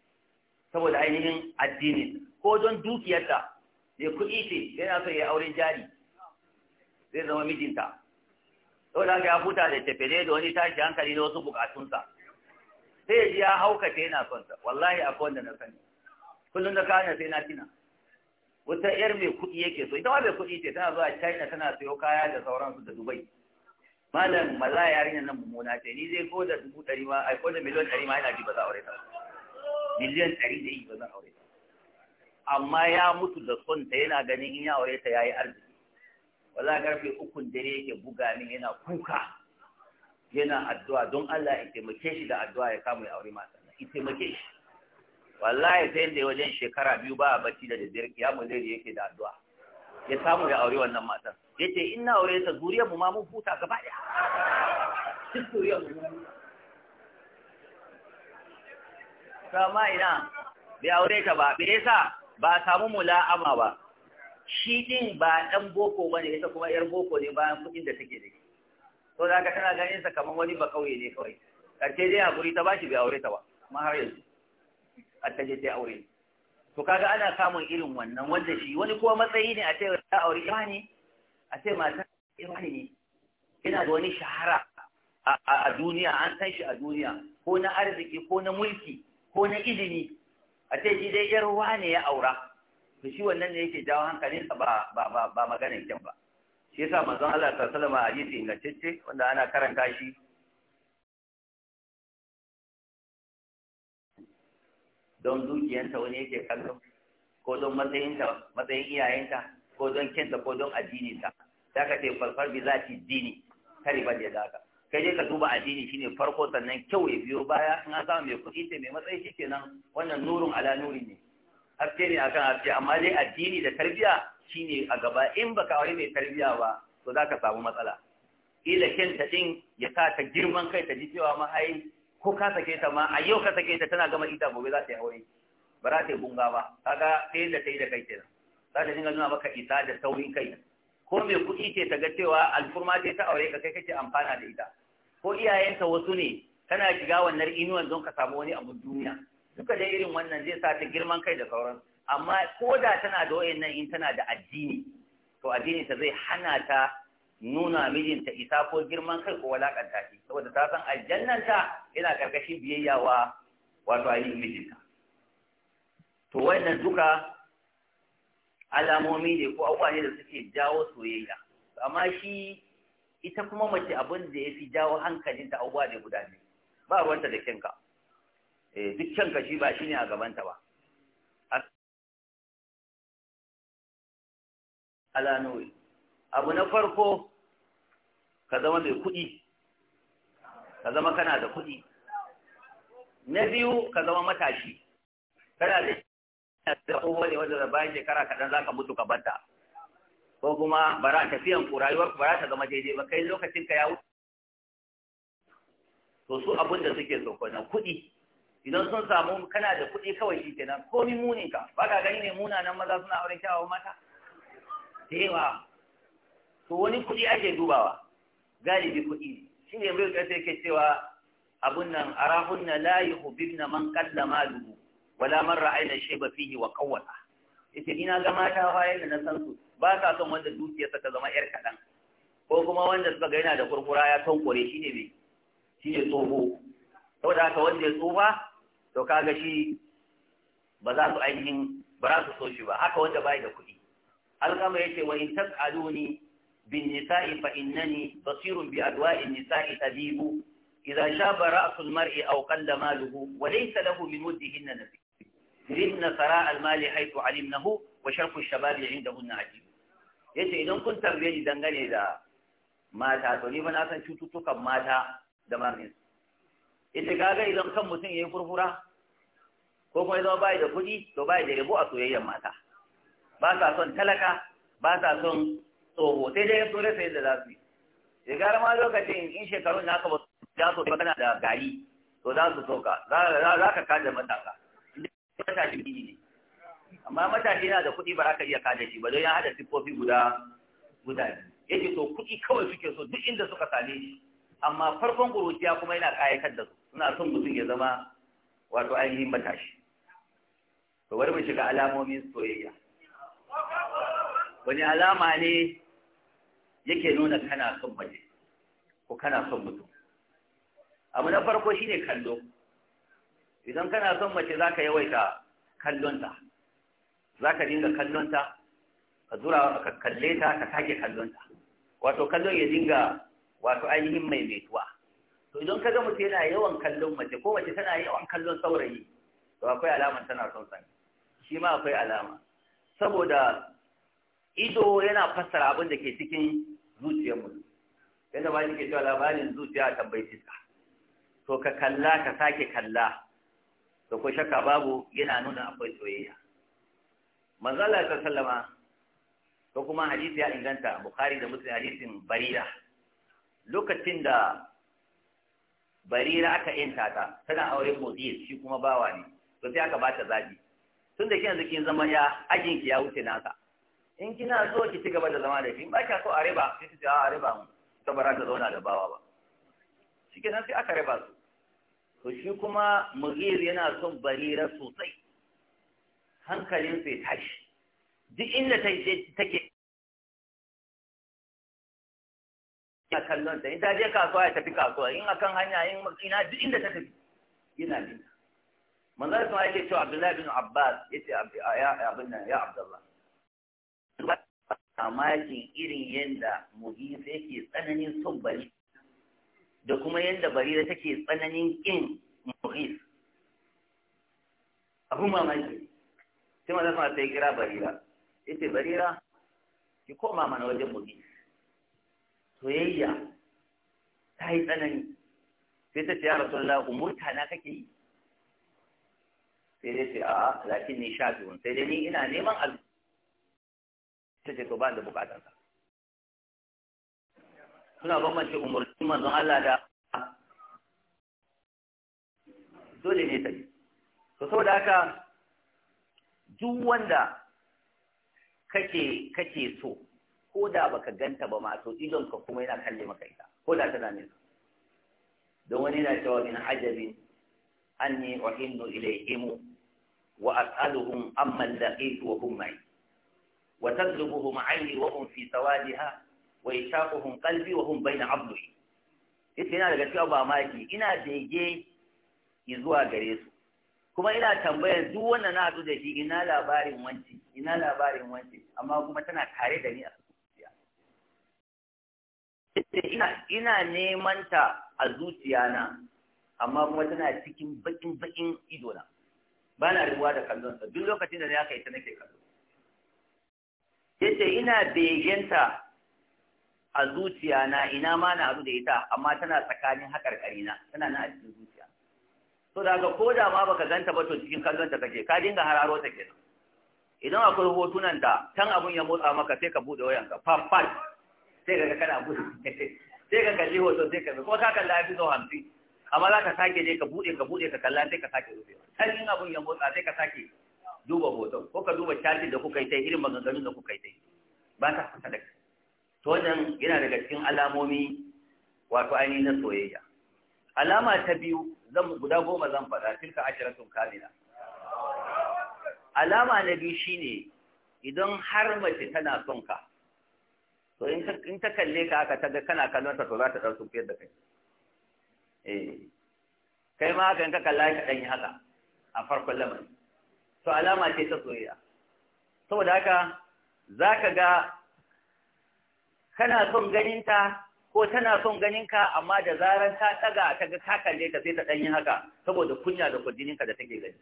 saboda ainihin addinin ko don dukiyarta ya kuɗi ce yana so ya auren jari zai zama mijinta sau da ya huta da tafere da wani tashi hankali na wasu bukatunsa sai ya ji ya ta yana sonsa wallahi a kowanda na sani kullum da kayan sai na tina wata yar mai kuɗi yake so ita ma mai kuɗi ce tana zuwa china tana sayo kaya da sauransu da dubai malam maza yarinyar nan mummuna ce ni zai ko da dubu ɗari ma ai ko da miliyan ɗari ma yana ji ba za aure ta miliyan ɗari da yi ba aure ta amma ya mutu da son ta yana ganin in ya aure ta yayi arziki wala karfe ukun dare yake buga ni yana kuka yana addu'a don Allah ya taimake shi da addu'a ya samu ya aure mata ya taimake shi wallahi sai da wajen shekara biyu ba a bacci da ya mu zai yake da addu'a ya samu ya aure wannan mata yace in na aure ta zuriyar mu ma mun huta gaba ɗaya duk zuriyar mu kama ina bai aure ta ba bai yasa ba a samu mula'ama ba shi din ba ɗan boko ne, ita kuma yar boko ne bayan kuɗin da take da shi to da ka tana ganin sa kamar wani ba kauye ne kawai karshe dai guri ta bashi bai aure ta ba amma har yanzu a ta aure to kaga ana samun irin wannan wanda shi wani kuma matsayi ne a ce ta aure ne a ce mata imani ne ina da wani shahara a duniya an san shi a duniya ko na arziki ko na mulki ko na izini. a ce shi dai yar ruwa ne ya aura to shi wannan ne yake jawo hankalinsa ba ba ba ba maganar kyan ba shi yasa manzon Allah sallallahu alaihi wasallam a ingantacce wanda ana karanta shi don dukiyanta wani yake kallo ko don matsayinta matsayin iyayenta ko don kenta ko don addininta zaka ce farfar bi zati dini kare ba da ka. kai je ka duba addini shine farko sannan kyau ya biyo baya in an samu mai kuɗi ce mai matsayi shi kenan wannan nurin ala nuri ne haske ne akan haske amma dai addini da tarbiya shine a gaba in baka wani mai tarbiya ba to ka samu matsala ila kenta din ya sa ta girman kai ta ji cewa ma ko ka sake ta ma a yau ka sake ta tana gama ita gobe za ta yi aure ba za ta yi bunga ba kaga sai da ta yi da kai kenan za ta dinga nuna maka isa da saurin kai ko mai kuɗi ce ta ga cewa alfurma ce ta aure ka kai kake amfana da ita ko iyayenka wasu ne kana shiga wannan inuwan don ka samu wani abu duniya duka da irin wannan zai sa ta girman kai da sauran amma ko da tana da wayannan in tana da addini to addini ta zai hana ta nuna mijinta isa ko girman kai ko walakanta shi saboda ta san ta yana karkashin biyayya wa wato ayi mijinta to wannan duka alamomi ne ko abubuwa ne da suke jawo soyayya amma shi ita kuma mace abin da ya fi jawo hankalinta abubuwa ne guda ne ba ruwanta da kyanka eh duk kyanka shi ba shi ne a gabanta ba alanoi abu na farko ka zama mai kuɗi ka zama kana da kuɗi na biyu ka zama matashi kana da shi. da tsohuwa ne wanda da bayan shekara kaɗan za ka mutu ka banta ko kuma bara tafiyan ku rayuwar ku bara ta zama daidai ba kai lokacin ka ya wuce to su abin da suke so na kuɗi idan sun samu kana da kuɗi kawai shi kenan komi munin ka ba ka gani ne nan maza suna auren kyawawan mata Dewa. yawa to wani kuɗi ake dubawa galibi kuɗi ne shi ne bai ƙasa yake cewa abun nan arahunna la yuhibbuna man qalla maluhu wala man ra'ayna ba fihi wa qawwala Ita ina ga mata fa yadda na san su ba ka son wanda dukiyarsa ta zama yar kaɗan ko kuma wanda suka ga yana da kurkura ya tankure shi ne mai shi ne tsoho saboda haka wanda ya tsufa to kaga shi ba za su ainihin ba za su so shi ba haka wanda bai da kuɗi alƙama ya ce wa in tas'aluni bin nisa'i fa innani basirun bi adwa'i nisa'i tabibu idza shaba ra'sul mar'i aw qalla maluhu wa laysa lahu min wuddihinna nasib ridna sara al mali haythu alimnahu wa sharfu ash-shababi 'indahunna ajib ce idan kun tarbe ni dangane da mata to ni ba na san cututtukan mata da marnin Ita kaga idan kan mutum ya yi furfura ko kuma idan bai da kuɗi to bai da rabo a soyayyen mata ba sa son talaka ba sa son tsoho sai dai dole sai da za su yi ya gara ma lokacin in shekarun naka ya so ta gana da gari to za su soka za ka kada matasa inda matashi ne amma matashi yana da kuɗi ba haka iya kada shi ba don ya hada siffofi guda guda yake so kuɗi kawai suke so duk inda suka same shi amma farkon ƙuruciya kuma yana ƙayatar da su suna son mutum ya zama wato ainihin matashi to bari mu shiga alamomin soyayya wani alama ne yake nuna kana son mace ko kana son mutum abu na farko shine kallo idan kana son mace za ka yawaita kallonta za ka dinga kallonta ka zura ka kalle ta ka sake kallonta wato kallon ya dinga wato ainihin mai metuwa to idan ka ga mutum yana yawan kallon mace ko mace tana yawan kallon saurayi to akwai alama tana son sani shi ma akwai alama saboda ido yana fassara abin da ke cikin zuciyar mu yadda ba ke cewa labarin zuciya tambayi fiska to ka kalla ka sake kalla da ko shakka babu yana nuna akwai soyayya manzala ta sallama ko kuma hadisi ya inganta bukhari da muslim hadisin barira lokacin da barira aka inta ta tana auren mozis shi kuma bawa ne to sai aka bata zabi tun da kin kin zama ya ajin ki ya wuce naka in kina so ki ci gaba da zama da shi ba ka so a riba sai ki a riba mu saboda ta zauna da bawa ba shikenan sai aka riba su to shi kuma mugir yana son barira sosai hankalin sai tashi duk inda ta take ya kallon ta in ta je kasuwa ya tafi kasuwa in akan hanya in makina duk inda ta tafi yana bin manzo sun ake cewa Abdullahi bin Abbas yace ya abin nan ya Abdullah yake irin yadda muhisa yake tsananin son bari da kuma yadda barira take tsananin ƙin muhis abu mamaki sai manzon sama sai kira barira yace barira ki koma mana wajen mutum soyayya ta yi tsanani sai ta ce ya rasulullah umurta na kake yi sai dai ce a lakin ni sha biyun sai dai ni ina neman abu ta ce to ba da bukatansa suna bambance umarci manzon Allah da dole ne ta yi to saboda haka duk wanda kake kake so ko da baka ganta ba ma to idon ka kuma yana kalle maka ita ko da tana nesa don wani yana cewa min ajabin anni uhinnu ilayhim wa as'aluhum amma laqitu wa hum ma'i wa tadlubuhum 'ayni wa hum fi sawadiha wa yashaquhum qalbi wa hum bayna 'abdi Ita yana daga cewa ba maki ina bege zuwa gare su kuma ina tambayar duk wanda na haɗu da shi ina labarin wanci ina labarin wanci amma kuma tana tare da ni a zuciya ina ina neman ta a zuciya na amma kuma tana cikin bakin bakin ido na ba na rubuwa da kallon sa duk lokacin da na kai ta nake kallo yace ina begenta a zuciya na ina ma na haɗu da ita amma tana tsakanin haƙarƙari na tana na a cikin to daga ko da ma baka ganta ba to cikin kallonta ta kake ka dinga hararo ta kenan idan akwai hotunan da tan abun ya motsa maka sai ka bude wayan ka fa fa sai ka ga kana bude sai ka kalli hoto sai ka ko ka kalla fi zo hamsi amma za ka sake je ka bude ka bude ka kalla sai ka sake rufe tan in abun ya motsa sai ka sake duba hoton ko ka duba chatin da kuka yi ta irin maganganun da kuka yi ta ba ta kusa da to wannan yana daga cikin alamomi wato ainihin na soyayya alama ta biyu zan guda goma zan faɗa tilka ashiratun kamila alama na biyu shine idan har mace tana son ka to in ta kalle ka aka ga kana kallon ta to za ta ɗan sun fiyar da kai eh kai ma ka in ka kalla ka ɗan yi haka a farkon lamarin to alama ce ta soyayya saboda haka za ka ga kana son ganinta ko tana son ganin ka amma da zaran ta daga ta ga ka kalle ta sai ta danyi haka saboda kunya da kujinin ka da take gani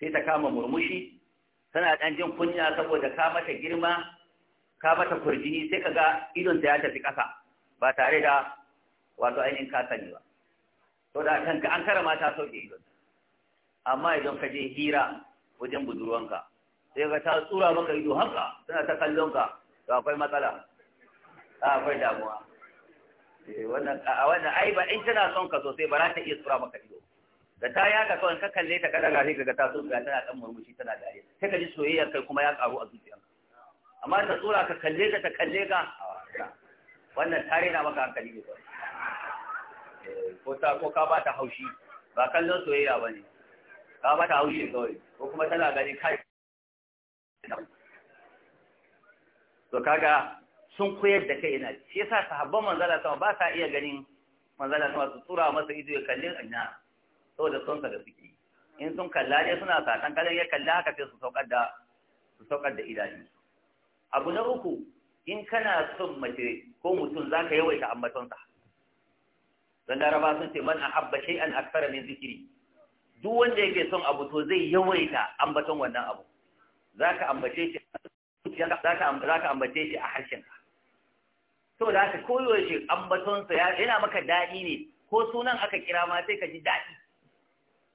sai ta kama murmushi tana dan jin kunya saboda ka mata girma ka mata kurjini sai kaga idon ta ya tafi kasa ba tare da wato ainihin ka sani ba to da ka an karama ta sauke idon amma idan ka je hira wajen budurwanka sai ka ta tsura maka ido haka tana ta kallon ka to akwai matsala akwai damuwa Eh, wannan a wannan ai ba in tana son ka sosai ba za ta iya tsura maka ido da ta ya ka kawai ka kalle ta kada gari ga ta tsoka tana dan murmushi tana dare sai ka ji soyayya kai kuma ya karu a zuciyarka amma ta tsura ka kalle ka ta kalle ka wannan tare na maka hankali ne eh, ko ta ko ka ba ta haushi ba kallon soyayya bane ka ba ta haushi kawai ko kuma tana gani kai to kaga sun koyar da kai ina shi yasa sahabban manzo Allah ba sa iya ganin manzala sama su tura masa ido ya kalli anna saboda son sa da suke in sun kalla ne suna satan kallon ya kalla haka sai su saukar da su saukar da idanu abu na uku in kana son mace ko mutum zaka yawaita ambaton sa dan laraba sun ce man ahabba shay'an akthara min zikri duk wanda yake son abu to zai yawaita ambaton wannan abu zaka ambace shi zaka ambace shi a harshenka to da haka koyaushe ambatonsa yana maka daɗi ne ko sunan aka kira ma sai ka ji daɗi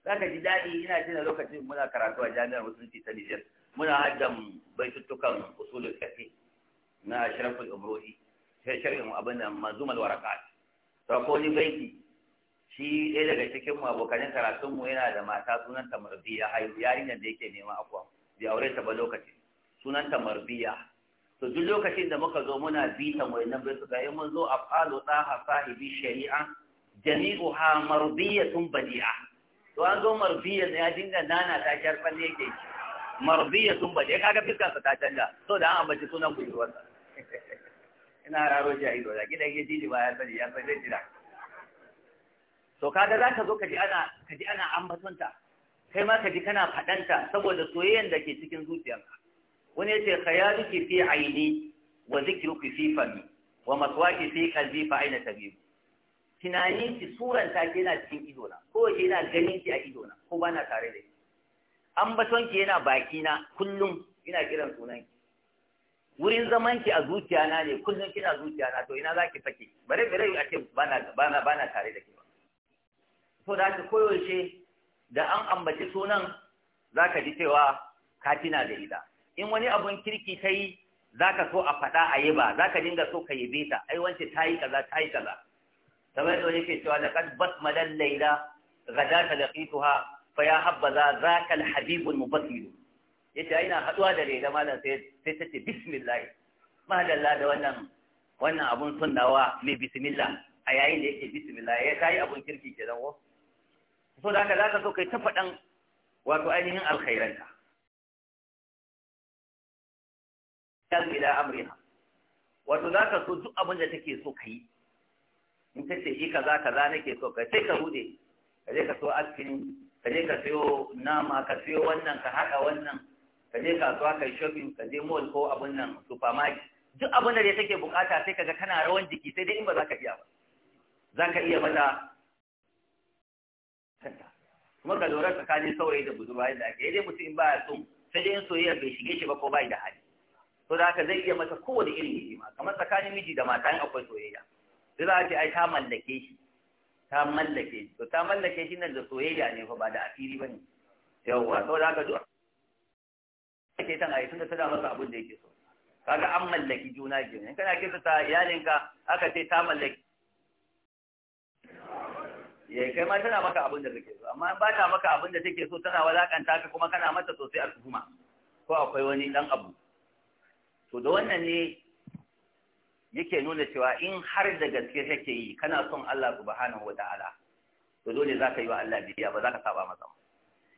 za ka ji daɗi ina jin lokacin muna karatu a jami'ar musulunci ta Nijar muna haddan baituttukan usulul fiqh na Ashraful Umrudi sai sharhin abin nan mazumul warakat to ko ni baiti shi ɗaya daga cikin mu abokanin karatun mu yana da mata sunan ta Marbiya hayu yarinyar da yake nema akwa bai aure ta ba lokacin sunan ta Marbiya to duk lokacin da muka zo muna bita, mai nan bai suka yi mun zo a falo ɗaha sahibi shari'a jami'u ha marbiyatun badi'a to an zo marbiya ya dinga nana ta karfan ne yake marbiyatun badi'a kaga fiskar sa ta canja so da an ambaci sunan sa. ina raro ji a ido da gidan ya ba ya sani ya sani zai jira to kaga za ka zo ka ji ana ka ji ana ambatonta kai ma ka ji kana faɗanta saboda soyayyen da ke cikin zuciyarka wani yace khayaluki fi aini wa zikruki fi fami wa maswaki fi kalbi fa aina tabib tunani ki suran ta ke yana cikin ido na ko na ganin ki a ido na ko bana tare da ki baton ki yana baki na kullum ina kiran sunan ki wurin zaman ki a zuciya na ne kullum kina zuciya na to ina zaki sake bare bare a ce bana bana tare da ki ba to da ki koyaushe da an ambaci sunan zaka ji cewa ka tina da ita in wani abun kirki ta yi za ka so a faɗa a yi ba za ka dinga so ka yi ta ai wance ta yi kaza ta yi kaza kamar da wani ke cewa laqad basmalan laila ghadata laqituha fa ya za habbaza zaka alhabibul ya yace ina haɗuwa da laila malam sai ta ce bismillah madalla da wannan wannan abun sunnawa mai bismillah a yayin da yake bismillah ya yi abun kirki ke ko so da haka zaka so kai ta faɗan wato ainihin alkhairanta yanzu ila amriha wato za ka so duk abin da take so ka yi in ta ce yi kaza kaza nake so ka sai ka rude ka je ka so askin ka je ka sayo nama ka sayo wannan ka haɗa wannan ka je kasuwa ka yi shopping ka je mall ko abin nan supermarket duk abin da take bukata sai kaga kana rawan jiki sai dai in ba za ka iya ba za ka iya mata kuma ka lura tsakanin saurayi da budurwa yadda ake yi dai mutum in ba ya so sai dai in soyayya bai shige shi ba ko bai da hali to da haka zai iya mata kowane irin ma kamar tsakanin miji da mata in akwai soyayya sai za a ce ai ta mallake shi ta mallake shi to ta mallake shi nan da soyayya ne fa ba da asiri ba ne yawwa to da haka duk ake tan ai tunda tana masa abin da yake so kaga an mallaki juna biyu in kana kisa ta iyalinka aka ce ta mallaki ya eh, kai ma tana maka abin da kake so amma ba ta maka abin da take so tana walakanta ka kuma kana mata sosai a tuhuma ko akwai wani dan abu to da wannan ne yake nuna cewa in har da gaske kake yi kana son Allah subhanahu wa ta'ala to dole za ka yi wa Allah biya ba za ka saba masa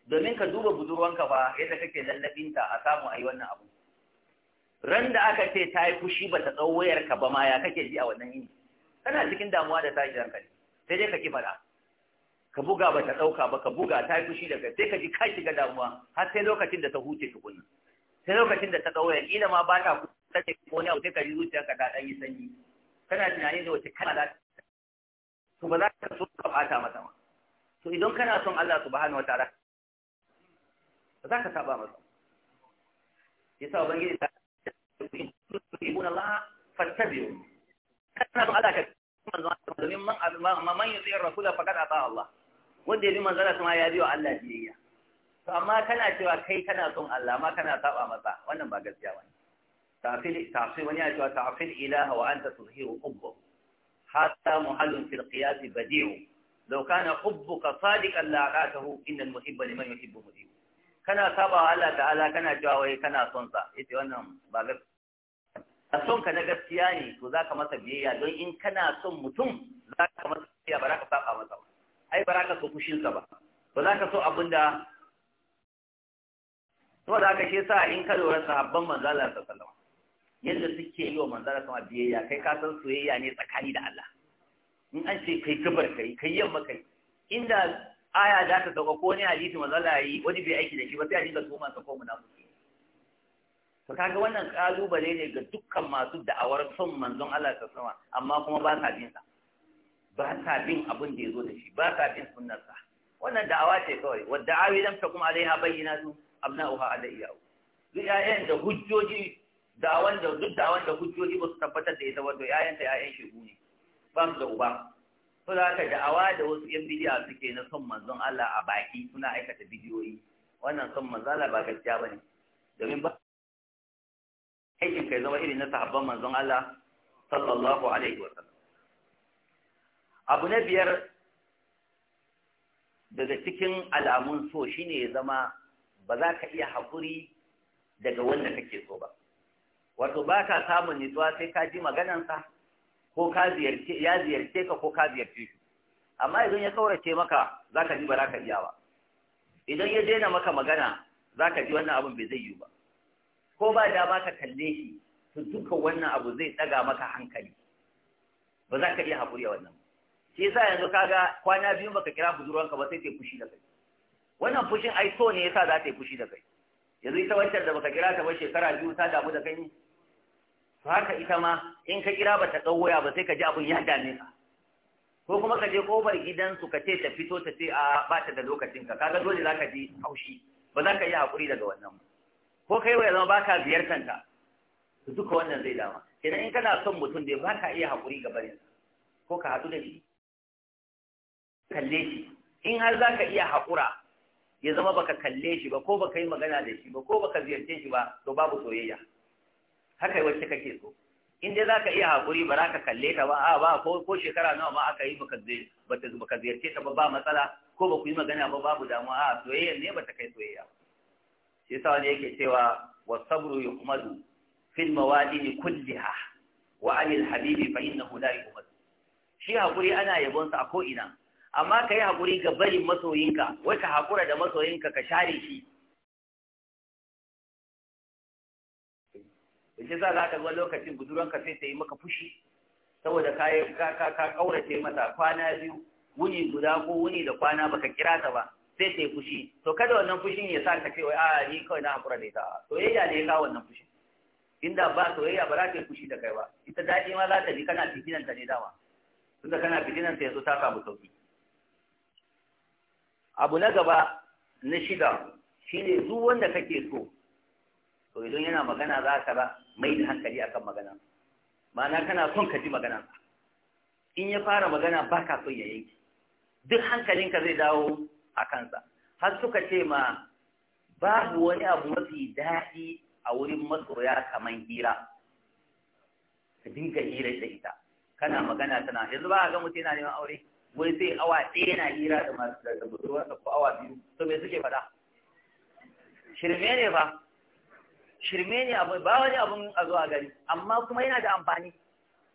domin ka duba budurwanka ba yadda kake lallabinta a samu a yi wannan abu ran da aka ce ta yi fushi ba ta tsawo wayarka ba ma ya kake ji a wannan yini kana cikin damuwa da tashi ne sai dai ka ki fada ka buga ba ta ɗauka ba ka buga ta yi fushi daga sai ka ji ka shiga damuwa har sai lokacin da ta huce tukunna sai lokacin da ta kawo yan ina ma ba ta kusa ce ko ne a wuce kari zuciya ta ɗan yi sanyi kana tunani da wace kana za ta to ba za ka so ka bata mata ma to idan kana son Allah subhanahu wa ta'ala ba za ka saba masa yasa ubangiji ta yuhibbuna Allah fattabi'u kana son Allah ka manzo domin man man yuti ar-rasul faqad ata Allah wanda ya bi manzala kuma ya biyo Allah biyayya to amma kana cewa kai kana son Allah amma kana saba masa wannan ba gaskiya bane tafil tafil wani ya cewa tafil ilaha wa anta tuzhiru hubbu hatta muhallun fil qiyas badi'u law kana hubbuka sadiqan la atahu innal muhibba liman yuhibbu mudi kana saba wa Allah ta'ala kana cewa wai kana son sa yace wannan ba gaskiya son ka na gaskiya ne to za ka masa biyayya don in kana son mutum za ka masa biyayya ba za ka saba masa ai ba za ka so kushinsa ba ba za ka so abin da to da haka shi sa in ka lura sahabban manzo da sallallahu alaihi wasallam yadda suke yi wa manzala sama biyayya kai ka san soyayya ne tsakani da Allah in an ce kai gabar kai kai yamma kai inda aya za ta sauka ko ne hadisi manzala yi wani bai aiki da shi ba sai a dinga tuma sa ko munafiki to kaga wannan kalubale ne ga dukkan masu da'awar son manzon Allah sallallahu alaihi wasallam amma kuma ba sa bin sa ba sa bin abin da ya zo da shi ba sa bin sa wannan da'awa ce kawai wadda awi lam takum alaiha bayyinatu abna'uha alayya duk ƴaƴan da hujjoji da wanda duk da wanda hujjoji ba su tabbatar da ita wato ƴaƴan ta ƴaƴan shegu ne ba su da uba to da haka da'awa da wasu ƴan bidiya suke na son manzon Allah a baki suna aikata bidiyoyi wannan son manzon Allah ba gaskiya bane domin ba aikin kai zama irin na sahabban manzon Allah sallallahu alaihi wa sallam abu na biyar daga cikin alamun so shine ya zama ba za ka iya haƙuri daga wanda kake so ba wato ba ka samun nutsuwa sai ka ji maganansa ko ka ziyarce ya ziyarce ka ko ka ziyarce shi amma idan ya kaurace maka za ka ji ba za ka iya ba idan ya daina maka magana za ka ji wannan abin bai zai yiwu ba ko ba dama ka kalle shi to duka wannan abu zai ɗaga maka hankali ba za ka iya haƙuri a wannan shi yasa yanzu kaga kwana biyu baka kira budurwanka ba sai ta fushi da kai wannan fushin ai so ne yasa za ta yi fushi da kai yanzu ita wancan da baka kira ta ba shekara biyu ta damu da kai ne to haka ita ma in ka kira ba ta ɗauwaya ba sai ka ji abin ya dame ka ko kuma ka je kofar gidansu ka ce ta fito ta ce a ba ta da lokacin ka kaga dole za ka ji haushi ba za ka yi haƙuri daga wannan ko kai ya zama ba ka ziyartar ta duka wannan zai dama kenan in kana son mutum da ba ka iya haƙuri ga barin ko ka haɗu da shi kalle shi in har za ka iya haƙura ya zama baka kalle shi ba ko baka yi magana da shi ba ko baka ziyarce shi ba to babu soyayya haka wacce kake so in dai zaka iya hakuri ba za ka kalle ta ba a ba ko shekara nawa ma aka yi baka bata ziyarce ta ba ba matsala ko ba ku yi magana ba babu damuwa a soyayya ne bata kai soyayya shi yasa wani yake cewa wa sabru yuhmadu fil mawadini kulliha wa anil habibi fa innahu la yuhmadu shi hakuri ana yabon sa a ko ina amma ka yi haƙuri ga barin masoyinka wai ka haƙura da masoyinka ka share shi yace za za ka ga lokacin budurwanka sai ta yi maka fushi saboda ka ka mata kwana biyu wuni guda ko wuni da kwana baka kira ta ba sai ta yi fushi to kada wannan fushin ya sa ka ce wai a ni kawai na haƙura da ita soyayya ne ya kawo wannan fushin inda ba soyayya ba za ta yi fushi da kai ba ita daɗi ma za ta ji kana fitinanta ne dama tunda kana fitinanta zo ta samu sauki abu na gaba na shida shine zu wanda kake so to idan yana magana za ka ba mai da hankali akan magana ma'ana kana son ka ji magana in ya fara magana ba ka son ya yanki duk hankalinka zai dawo a kansa har suka ce ma babu wani abu mafi daɗi a wurin masoya kamar hira ka dinga hira da ita kana magana tana yanzu ba a ga mutum yana neman aure wai sai awa ɗaya na hira da masu da budurwar da awa biyu to me suke faɗa shirme ne fa shirme ne abu ba wani abu a zuwa gani amma kuma yana da amfani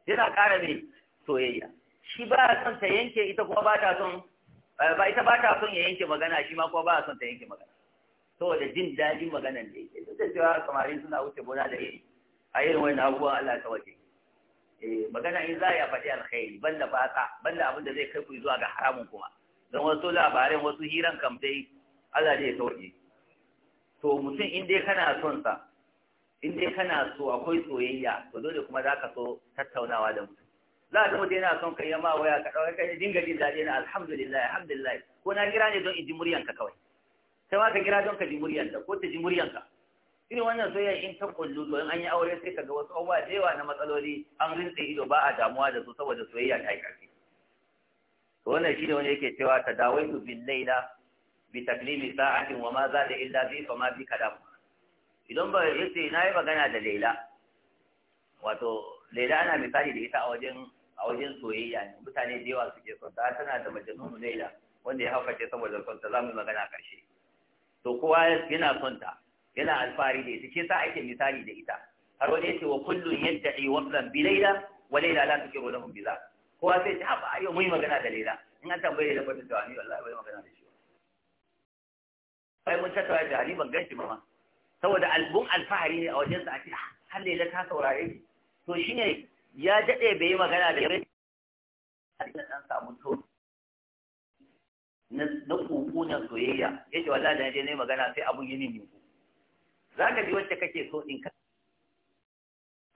yana ƙara mai soyayya shi ba son ta yanke ita kuma ba ta son eh, ba ita ba ta son ya yanke magana shi ma kuma ba son ta yanke magana saboda jin daɗin maganan da yake duk da cewa samari suna wuce bona da iri a yin wani abubuwan Allah ta waje Eh, magana in za a yi a faɗi alkhairi banda fata banda abin da zai kai ku zuwa ga haramun kuma don wasu labarin wasu hiran kam dai Allah zai sauke to mutum in dai kana son sa in dai kana so akwai soyayya to dole kuma za ka so tattaunawa da mutum za ka mutum yana son kai yamma waya ka ɗauka kai dinga jin daɗi na alhamdulillah alhamdulillah ko na kira ne don in ji muryanka kawai sai ma ka kira don ka ji muryanka ko ta ji muryanka irin wannan soyayya in ta kullu to in an yi aure sai kaga wasu abubuwa da yawa na matsaloli an rintse ido ba a damuwa da su saboda soyayya ta yi ƙarfi? to wannan shine wani yake cewa ta tadawaitu bil laila bi taklimi sa'atin wa ma za da illa bi fa ma bi kalam idan ba yace na yi magana da laila wato laila ana misali da ita a wajen a wajen soyayya ne mutane da yawa suke son ta tana da majnun laila wanda ya haukace saboda son ta yi magana karshe to kowa yana son ta yana alfahari da ita ce sa ake misali da ita har wani yace wa kullun yad'i waslan bi layla wa layla la tuqiru lahum bi zak ko sai ta ba ayo muyi magana da layla in an tambaye da fata tawani wallahi bai magana da shi ba ai mun tattauna da ali ban ganshi ba ma saboda albun alfahari ne a wajen sa a ah, har layla ta saurare shi to shine ya dade bai yi magana da layla dan samu to na kuku na soyayya yace wallahi da je ne magana sai abun yini ne za ka ji wacce kake so in ka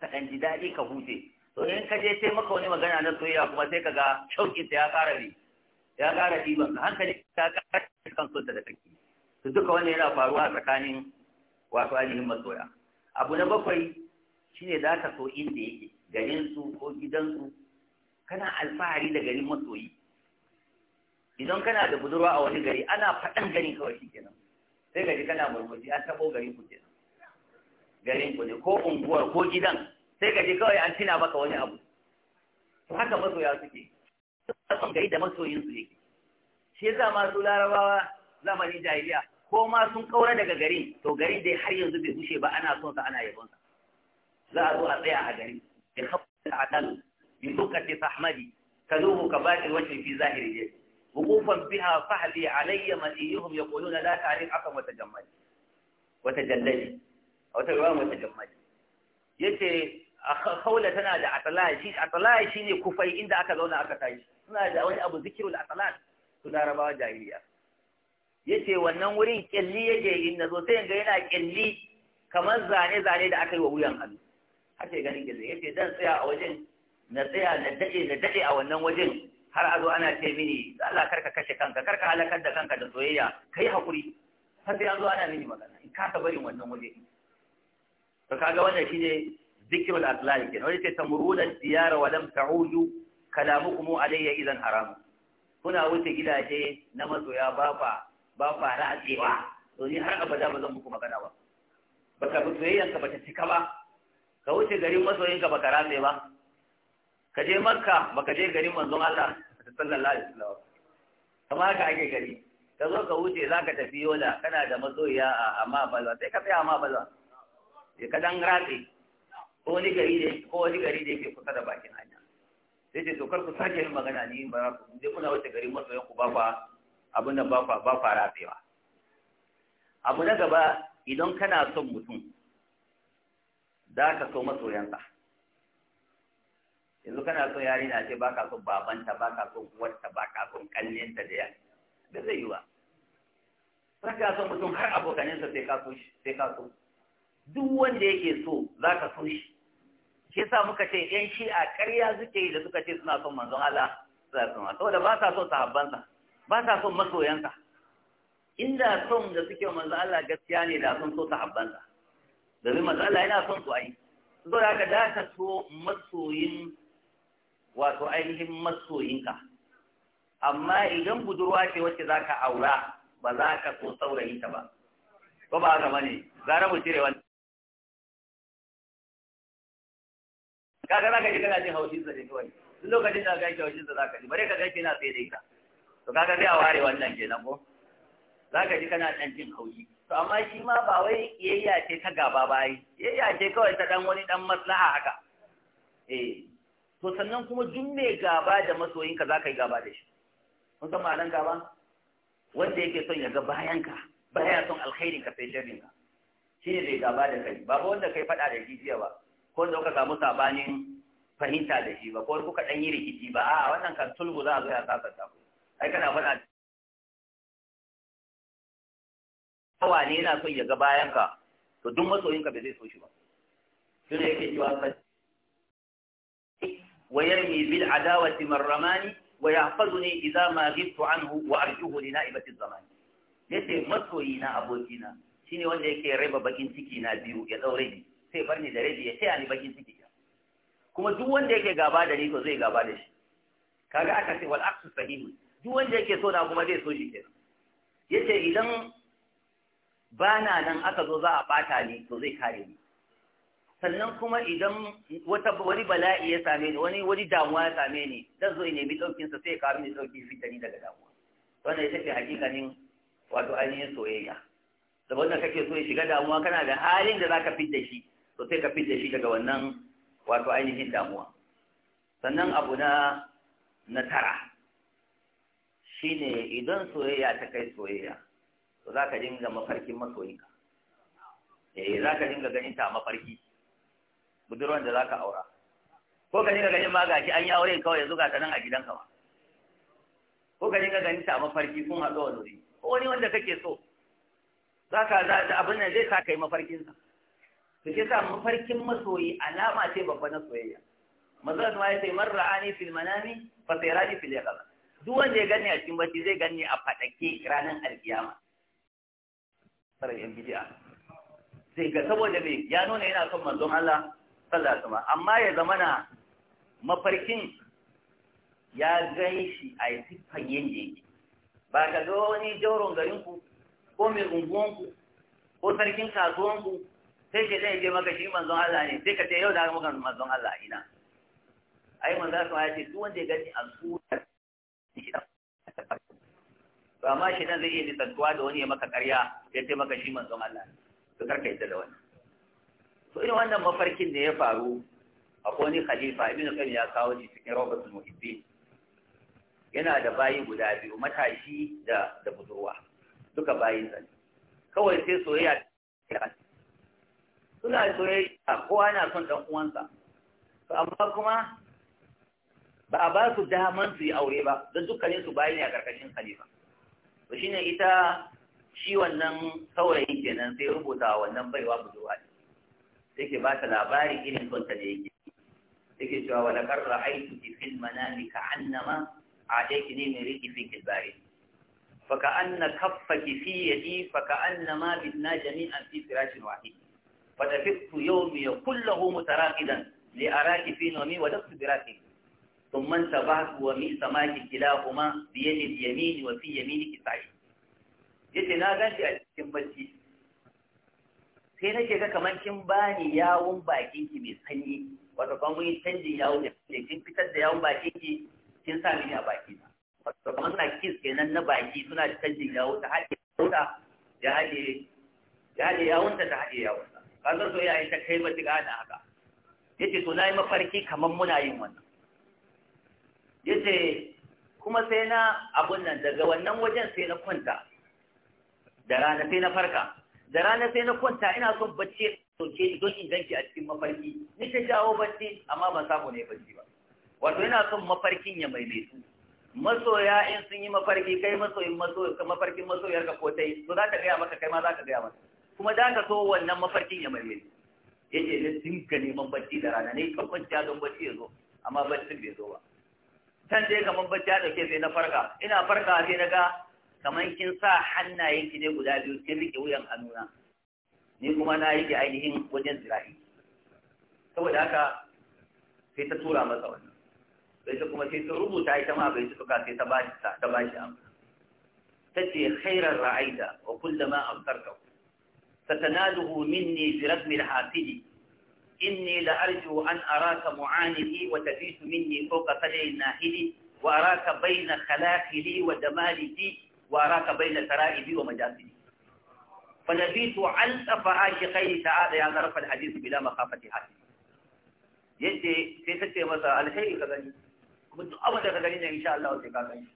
ka ɗan ji daɗi ka huce to in ka je sai maka wani magana na soyayya kuma sai ka ga ta ya ƙara ne ya ƙara ɗiban ka hankali ta ƙara kan sonta da take to duka wannan yana faruwa a tsakanin wato ainihin masoya abu na bakwai shine za ka so inda yake su ko gidansu kana alfahari da garin masoyi idan kana da budurwa a wani gari ana faɗan garin kawai shi kenan sai gaji kana murmushi an taɓo garin ku kenan garin ku ne ko unguwar ko gidan sai ka je kawai an tina maka wani abu To haka masoya suke su gari da masoyin su yake shi yasa masu larabawa zamani jahiliya ko ma sun kaura daga garin to garin dai har yanzu bai bushe ba ana son sa ana yabon sa za a zo a tsaya a garin da khabta in duka dukati sahmadi kaduhu kabaqi wancan fi zahiri biha وقوفا alayya فحلي علي yaquluna la ta'rif akam wa tajammali wa tajallali a wata ruwa mai jammali ya ce a haula tana da atalaya shi atalaya shi ne kufai inda aka zauna aka tashi suna da wani abu zikirul atalash su wa jahiliya ya ce wannan wurin kyalli yake in na zo sai yanga yana kyalli kamar zane-zane da aka yi wa wuyan hannu haka ya ganin kyalli ya ce zan tsaya a wajen na tsaya na daɗe na daɗe a wannan wajen har a zo ana ce mini Allah karka kashe kanka karka halakar da kanka da soyayya kai haƙuri har sai an zo ana mini magana in kasa barin wannan waje to kaga wannan shine zikrul atlani kenan wani ce tamuruna diyara wa lam ta'udu kalamukum alayya idan haram kuna wuce gidaje na masoya ba fa ba fa to ni har abada ba zan muku magana ba baka bi soyayyanka bata cika ba ka wuce garin masoyinka baka ratse ba ka je makka baka je garin manzon Allah sallallahu alaihi wasallam kamar haka ake gari ka zo ka wuce zaka tafi yola kana da masoyiya amma balwa sai ka tsaya amma balwa ya kadan ratse ko ni gari da ko wani gari da yake kusa da bakin hanya sai ce to kar ku sake yin magana ni ba ku je kuna wata gari masoyan ku ba fa abin da ba fa ba fa ratsewa abu na gaba idan kana son mutum za ka so masoyansa yanzu kana son na ce ba ka son babanta ba ka son uwarta ba ka son kallinta da ya da zai yi ba saka son mutum har abokanensa sai ka so sai ka so duk wanda yake so za ka so shi shi sa muka ce yan shi a ƙarya suke yi da suka ce suna son manzon Allah sallallahu alaihi saboda ba sa son sahabbansa ba sa son masoyansa inda son da suke manzon Allah gaskiya ne da son so sahabbansa domin manzon Allah yana son su ai saboda haka da ka so masoyin wato ainihin masoyinka amma idan budurwa ce wacce za ka aura ba za ka so saurayinta ba ko ba haka ne? za mu cire wani. kaga zaka ji kana jin haushin sa ne kawai duk lokacin da ka ji haushin sa zaka ji bare ka ga kina tsaye da ita to kaga sai a ware wannan kenan ko zaka ji kana dan jin haushi to amma shi ma ba wai kiyayya ce ta gaba bai kiyayya ce kawai ta dan wani dan maslaha haka eh to sannan kuma duk mai gaba da masoyinka zaka yi gaba da shi kun san ma'anar gaba wanda yake son ya ga bayanka baya son alkhairin ka sai sharrin ka shi ne zai gaba da kai ba wanda kai faɗa da shi jiya ba ko da kuka samu sabanin fahimta da shi ba ko kuka dan yi rikici ba a wannan kan sulhu za a zo ya sasanta ku ai kana faɗa kowa ne yana son ya ga bayan ka to duk masoyin ka bai zai so shi ba shine yake cewa sai wa yarmi bil adawati marramani wa yahfazuni idza ma ghibtu anhu wa arjuhu li na'ibati zaman yace masoyi na abokina shine wanda yake raba bakin ciki na biyu ya daure ni sai bar ni da rabi ya taya ni bakin ciki kuma duk wanda yake gaba da ni to zai gaba da shi kaga aka ce wal aksu sahihu duk wanda yake so na kuma zai so shi kenan yace idan bana nan aka zo za a bata ni to zai kare ni sannan kuma idan wata wani bala'i ya same ni wani wani damuwa ya same ni zan zo in bi daukin sa sai ka ni dauki fitani daga damuwa wannan ita ce hakikanin wato ainihin soyayya saboda kake so ya shiga damuwa kana da halin da zaka fidda shi to sai ka fita shi daga wannan wato ainihin damuwa sannan abu na na tara shine idan soyayya ta kai soyayya to za ka dinga mafarkin masoyinka eh za ka dinga ganin ta mafarki budurwan da za ka aura ko ka dinga ganin ma gashi an yi aure kawai yanzu ga ta nan a gidanka ba ko ka dinga ganin ta mafarki kun haɗu wani wuri ko wani wanda kake so za ka za abin nan zai sa ka yi mafarkinsa to ke sa mafarkin masoyi alama ce babba na soyayya manzon ma ya ce man ra'ani fil manami fa sayrani fil yaqin duk wanda ya gani a cikin bacci zai gani a fadake ranar alkiyama sarai bid'a sai ga saboda me ya nuna yana son manzon Allah sallallahu alaihi wasallam amma ya zamana mafarkin ya gai shi a yi siffan yake ba ka zo wani jauron garinku ko mai unguwanku ko sarkin kasuwanku sai ke zai je maka shi manzon Allah ne sai ka ce yau da maka manzon Allah ina ai manzon Allah ya ce duk wanda ya gani a sura shi da to amma shi dan zai iya nisantuwa da wani ya maka ƙarya ya ce maka shi manzon Allah to karka yadda da wani to irin wannan mafarkin da ya faru akwai wani khalifa ibn qayyim ya kawo shi cikin rawbatul muhibbin yana da bayi guda biyu matashi da da budurwa duka bayin sa kawai sai soyayya suna soyayya kowa na son ɗan uwansa to amma kuma ba a ba su daman su yi aure ba don dukkanin su bayi ne a ƙarƙashin khalifa to shine ita shi wannan saurayi kenan sai rubuta wannan baiwa budurwa sai ke ba ta labari irin son ta ne yake ke cewa wa laqad ra'aytuki fil manami ka'annama a'tayki ni min riqi fi bari fa ka'anna kaffaki fi yadi fa ka'annama bidna jami'an fi firashin wahid فدفقت يومي كله متراقدا لأراك في نومي ولست براكي ثم انتبهت ومي سماك كلاهما بيد اليمين وفي يمينك سعيد yace na ganshi a cikin bacci sai nake ga kamar kin bani yawun bakin ki mai sanyi wato kan mun yi canjin yawun ne kin fitar da yawun bakin ki kin sa mini a baki na wato kamar na kiss kenan na baki suna canjin yawun ta hade ta ya hade ya hade yawun ta ta haɗe yawun ka zo soyayya ita kai ba ta gane haka yace to nayi mafarki kaman muna yin wannan yace kuma sai na abun nan daga wannan wajen sai na kwanta da rana sai na farka da rana sai na kwanta ina son bacci soke ni don in ganki a cikin mafarki ni ta jawo bacci amma ban samu ne bacci ba wato ina son mafarkin ya mai su masoya in sun yi mafarki kai masoyin masoyin mafarkin masoyar ka ko tai to za ta gaya maka kai ma za ka gaya maka kuma za ka so wannan mafarkin ya mai ya ce na dinka neman bacci da rana ne kan kwanciya don bacci ya zo amma baccin bai zo ba can sai kamar bacci ya ɗauke sai na farka ina farka sai na ga kamar kin sa hannayen ki ne guda biyu kin rike wuyan hannuna ni kuma na yi ainihin wajen zirahi saboda haka sai ta tura masa wannan sai ta kuma sai ta rubuta ita ma bai suka sai ta bashi ta shi amsa ta ce khairar ra'aita wa kullama ku. ستناله مني برغم الحافل إني لأرجو أن أراك معاندي وتبيت مني فوق فلي الناهل وأراك بين خلاخلي ودمالتي وأراك بين ترائبي ومجاسدي فنبيت علق فعاشقين تعالى يا ظرف الحديث بلا مخافة حاسد yace sai ta ce masa alheri ka gani kuma duk abin da ka gani ne insha Allah sai ka gani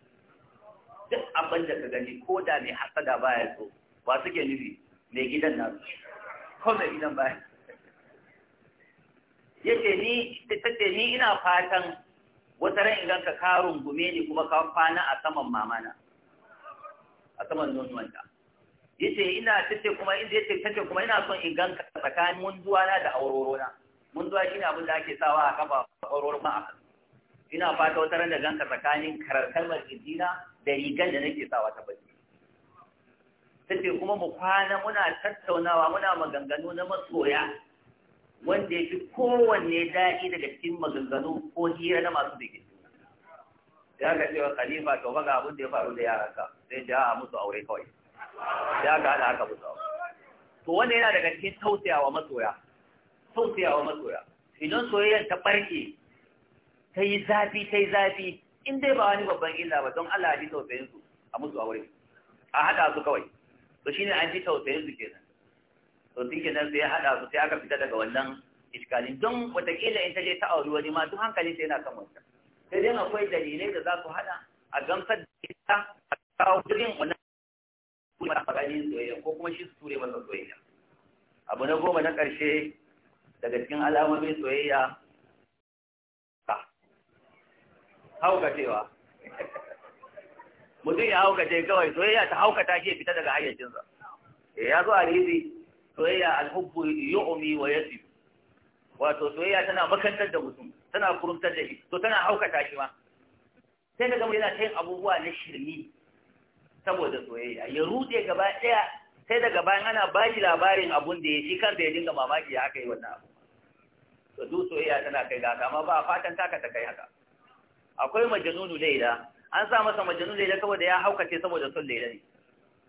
duk abin da ka gani ko da mai hasada baya so ba suke nufi mai gidan na ko mai gidan ba yace ni ce ni ina fatan wata ran idan ka karun gume ni kuma ka kwana a saman mamana a saman nonuwanta yace ina ce kuma ce ta ce kuma ina son in ganka tsakanin munduwa na da aurorona munduwa zuwa shine abin da ake sawa a kafa auroron ma a ina fata wata ran da ganka tsakanin karkar marjina da rigan da nake sawa ta baki take ce kuma mu kwana muna tattaunawa muna maganganu na masoya wanda ya fi kowanne daɗi daga cikin maganganu ko hira na masu bikin ya ga cewa khalifa to ga abin da ya faru da yaranka sai da a musu aure kawai ya ga da haka musu aure to wanda yana daga cikin tausayawa masoya tausayawa masoya idan soyayyar ta barke ta yi zafi ta yi zafi in dai ba wani babban illa ba don Allah ya ji tausayin su a musu aure a hada su kawai shi ne an ji tausayin su nan to shi kenan sai ya haɗa su sai aka fita daga wannan iskalin don watakila in ta je ta auri wani ma duk hankali sai yana kan wancan sai dai akwai dalilai da za su haɗa a gamsar da ita a kawo jirgin wannan kuma maganin soyayya ko kuma shi su ture masa soyayya abu na goma na ƙarshe daga cikin alamomin soyayya cewa mutum ya haukace kawai soyayya ta hauka ta ke fita daga hayyacinsa eh, ya zo a rizi soyayya alhubbu yu'mi wa yasif wato soyayya tana makantar da mutum tana kurumtar da shi to tana haukata shi ma sai daga gama yana ta yin abubuwa na shirmi saboda soyayya ya rute gaba ɗaya sai daga bayan ana ba shi labarin abun da ya shi kansa ya dinga mamaki ya haka yi wannan abu to duk soyayya tana kai ga haka amma ba fatan taka ta kai haka akwai majanunu laila an sa masa majanun laila saboda ya haukace saboda son laila ne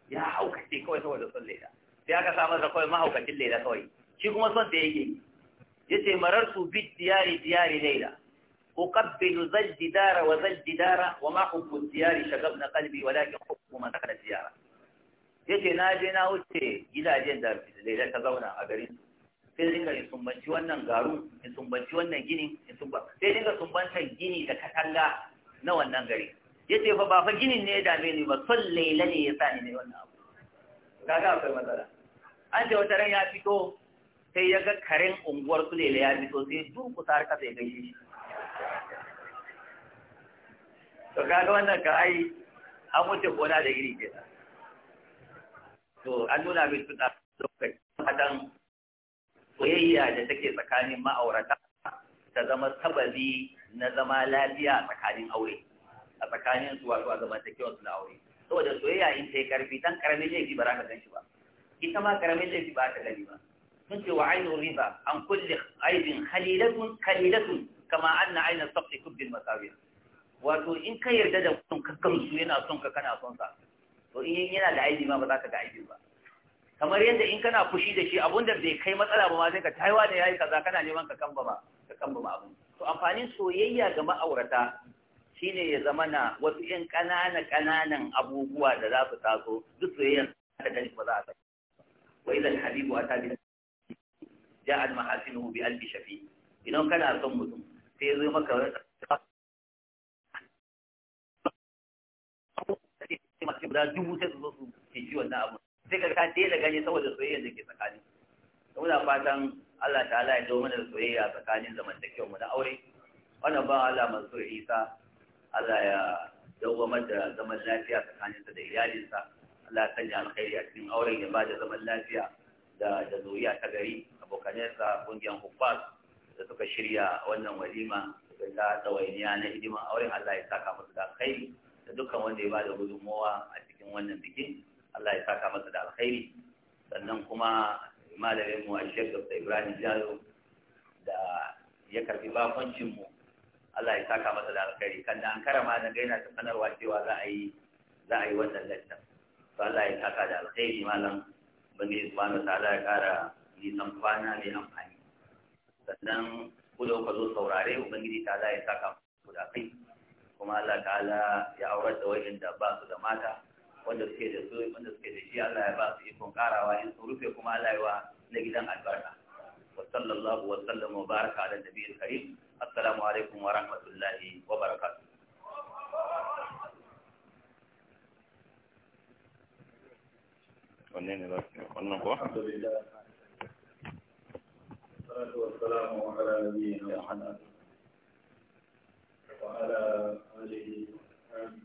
ya haukace kawai saboda son laila sai aka sa masa kawai mahaukacin laila kawai shi kuma son da yake yi marar su bi diyari diyari laila أقبل ذا الجدار وذا الجدار وما حب wa شغبنا قلبي ولكن حب ما دخل ya ce na je na wuce gidajen da laila ta zauna a garin sai dinga in sumbanci wannan garu in sumbanci wannan gini in sumbanci sai dinga sumbantan gini da katanga na wannan gari ya ce fa ba fa ginin ne ya dame ni ba son laila ne ya sa ni ne wannan abu kaga akwai matsala an ce wata ran ya fito sai ya ga karen unguwar su laila ya fito sai durkusa har kasa ya gaishe shi to kaga wannan ka ai an wuce gona da iri ke to an nuna mai suna lokaci hadan soyayya da take tsakanin ma'aurata ta zama sababi na zama lafiya tsakanin aure a tsakanin su wato a zamantakewar take wasu aure saboda soyayya in ta yi karfi dan karamin laifi ba za ka gan shi ba ita ma karamin laifi ba ta gani ba sun ce wa ainihin riba an kulle aibin khalilatun khalilatun kama anna aina sabti kubbin masawiya wato in ka yarda da mutum ka su yana son ka kana son sa to in yana da aibi ma ba za ka ga aibi ba kamar yadda in kana fushi da shi abun da bai kai matsala ba ma sai ka taiwa da yayi kaza kana neman ka kamba ba ka kamba ma abun to amfanin soyayya ga ma'aurata Shi ne ya zama na wasu ƴan ƙanana ƙananan abubuwa da za su taso duk soyayyar da gani ba za a kai wa idan habibu a tabi ja'al mahasinuhu bi albi shafi idan kana son mutum sai ya zo maka masu guda dubu sai su zo su ceci wannan abu sai ka ka daina gani saboda soyayyar da ke tsakanin muna fatan Allah ta'ala ya zo mana soyayya tsakanin zamantakewa mu na aure wannan ba Allah mansur Isa Allah ya dawwamar da zaman lafiya tsakaninsa da iyalinsa Allah ya sanya alkhairi a cikin auren ya bada zaman lafiya da da zuriya ta gari abokanensa kungiyar hukumar da suka shirya wannan walima da ta tsawainiya na hidiman auren Allah ya saka musu da alkhairi da dukkan wanda ya bada gudunmowa a cikin wannan bikin Allah ya saka masa da alkhairi sannan kuma malamin mu a Sheikh Dr. Ibrahim Jalo da ya karbi bakoncin mu Allah ya saka masa da alkhairi kan da an karama da gaina ta sanarwa cewa za a yi za a yi wannan lattan to Allah ya saka da alkhairi malam bani subhanahu ta'ala ya kara nisan kwana mai amfani sannan ku da ku zo saurare ubangiji Allah ya saka ku da kai kuma Allah ta'ala ya aurar da da ba su da mata wanda suke da su wanda suke da shi Allah ya ba su ikon karawa in su rufe kuma Allah ya wa na gidan albarka وصلى الله وسلم وبارك على النبي الكريم السلام عليكم ورحمة الله وبركاته ونين الحمد والسلام على نبينا محمد وعلى آله وصحبه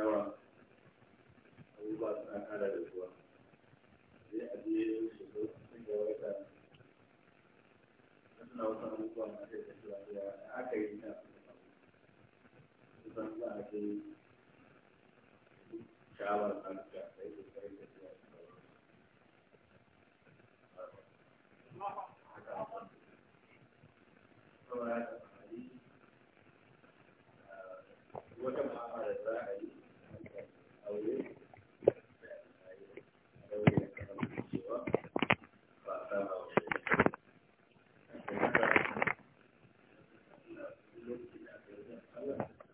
yawa abubuwa suna a je su zo sun ga wata suna wasu abubuwa masu da zuwa da aka yi na a je Thank you.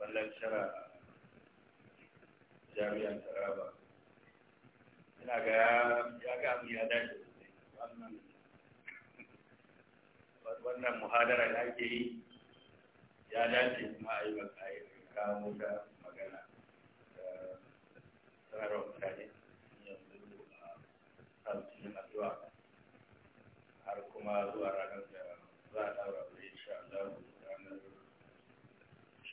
ballan shara jami'an taraba ina ga ya ga mu ya dace wannan wannan muhadara da ake yi ya dace kuma a yi maka yi kawo da magana da sanarwar mutane yanzu a cikin addu'a har kuma zuwa ranar da za a daura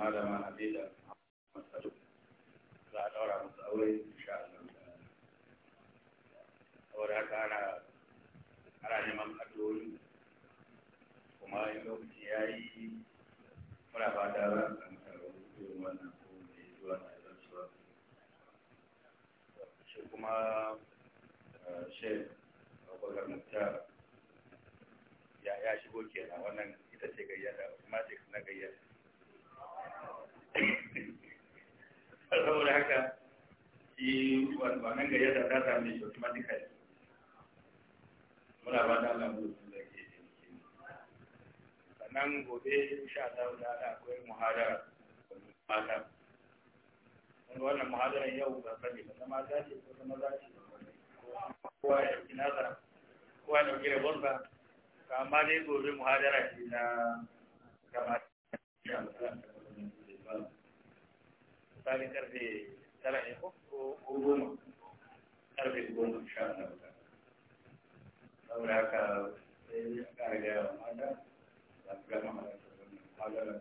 malama Adela Masadu za a ɗaura musu aure insha Allah saboda haka ana ana neman addu'o'i kuma in lokaci ya yi muna fata za a samu taron wannan ko mai zuwa na suwa shi kuma eh, shek abubakar muktar ya shigo kenan wannan ita ce gayyata kuma na gayyata saboda haka shi wannan gari ta ta same shi automatically muna ba da Allah mu da ke sannan gobe sha Allah da Allah akwai muhadara mata wannan muhadaran yau ba sani ba mata ce ko ta maza ce kowa ya ɗauki nazara kowa ya ɗauki rabonsa amma dai gobe muhadara ce na kamata misalin karfe tara ne ko goma karfe goma sha Allah saboda haka sai a ƙara gaya wa mata za su gama halatta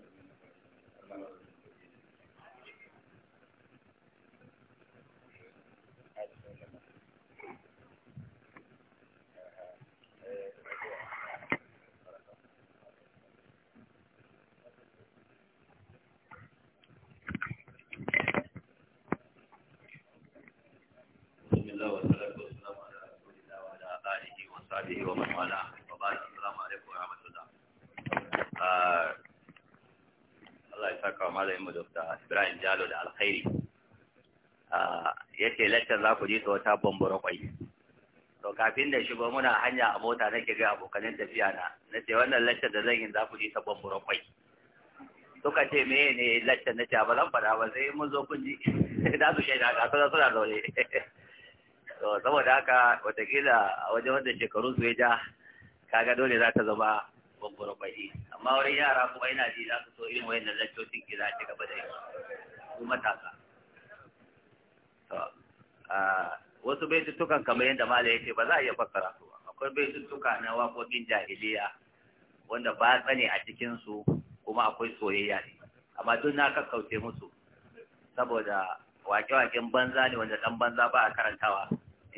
الله والصلاة على رسول الله وعلى آله وصحبه ومن والاه وبارك السلام عليكم ورحمة الله Allah ya saka wa malamin mu Dr. Ibrahim Jalo da alkhairi. Yace lecture za ku ji ta wata bambara kwai. To kafin da shigo muna hanya a mota nake ga abokanin tafiya na. ce wannan lecture da zan yi za ku ji ta bambara kwai. suka ce me ne laccan na ba zan faɗa ba sai mun zo kun ji su shaida ga suna zaune saboda haka watakila a wajen wanda shekaru su ya ja kaga dole za ta zama gwangwaron bai amma wurin yara kuma yana ji za su so irin wayan da zancocin ki za a ci gaba da yi matasa wasu baitutukan kamar yadda mala ya ce ba za a iya fassara su akwai baitutuka na wakokin jahiliya wanda ba tsane a cikinsu kuma akwai soyayya ne amma duk na kakkauce musu saboda wake-waken banza ne wanda dan banza ba a karantawa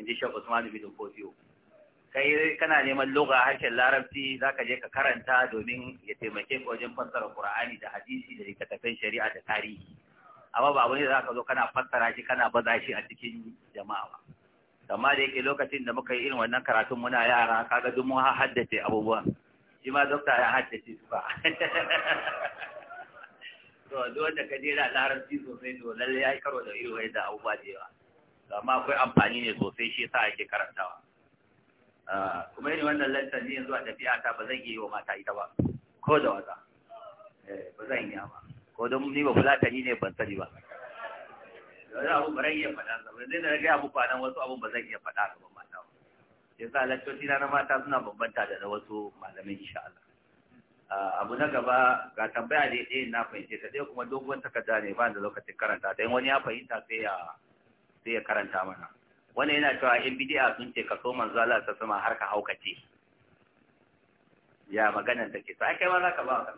in ji Usman bin Fofiyo kai kana neman lugha harshen larabci zaka je ka karanta domin ya taimake ka wajen fassara Qur'ani da hadisi da littattafan shari'a da tarihi amma ba abu ne zaka zo kana fassara shi kana baza shi a cikin jama'a ba amma da yake lokacin da muka yi irin wannan karatun muna yara kaga duk mun haddace abubuwa shi ma dokta ya haddace su ba to duk wanda ka da larabci sosai to lalle ya yi karo da irin wani da abubuwa da yawa amma akwai amfani ne sosai shi yasa ake karantawa ah, kuma yin wannan lantar ne zuwa tafiya ta ba zan iya yi wa mata ita ba ko da wata eh, ba zan iya ba ko don ni ba kula ta ni ne ban sani ba wani abu ba ya iya faɗa ba zai na gaya abu kwanan wasu abu ba zan iya faɗa ga mata ba sai sa lantarki na mata suna bambanta da na wasu malamin insha Allah ah, abu na gaba ga tambaya da ɗaya na fahimce ta ɗaya kuma doguwar takarda ne ba da lokacin karanta ta wani ya fahimta sai ya sai ya karanta mana wannan yana cewa in bid'a sun ce ka so manzo Allah ta sama har ka haukace ya maganar take sai kai ma za ka ba ka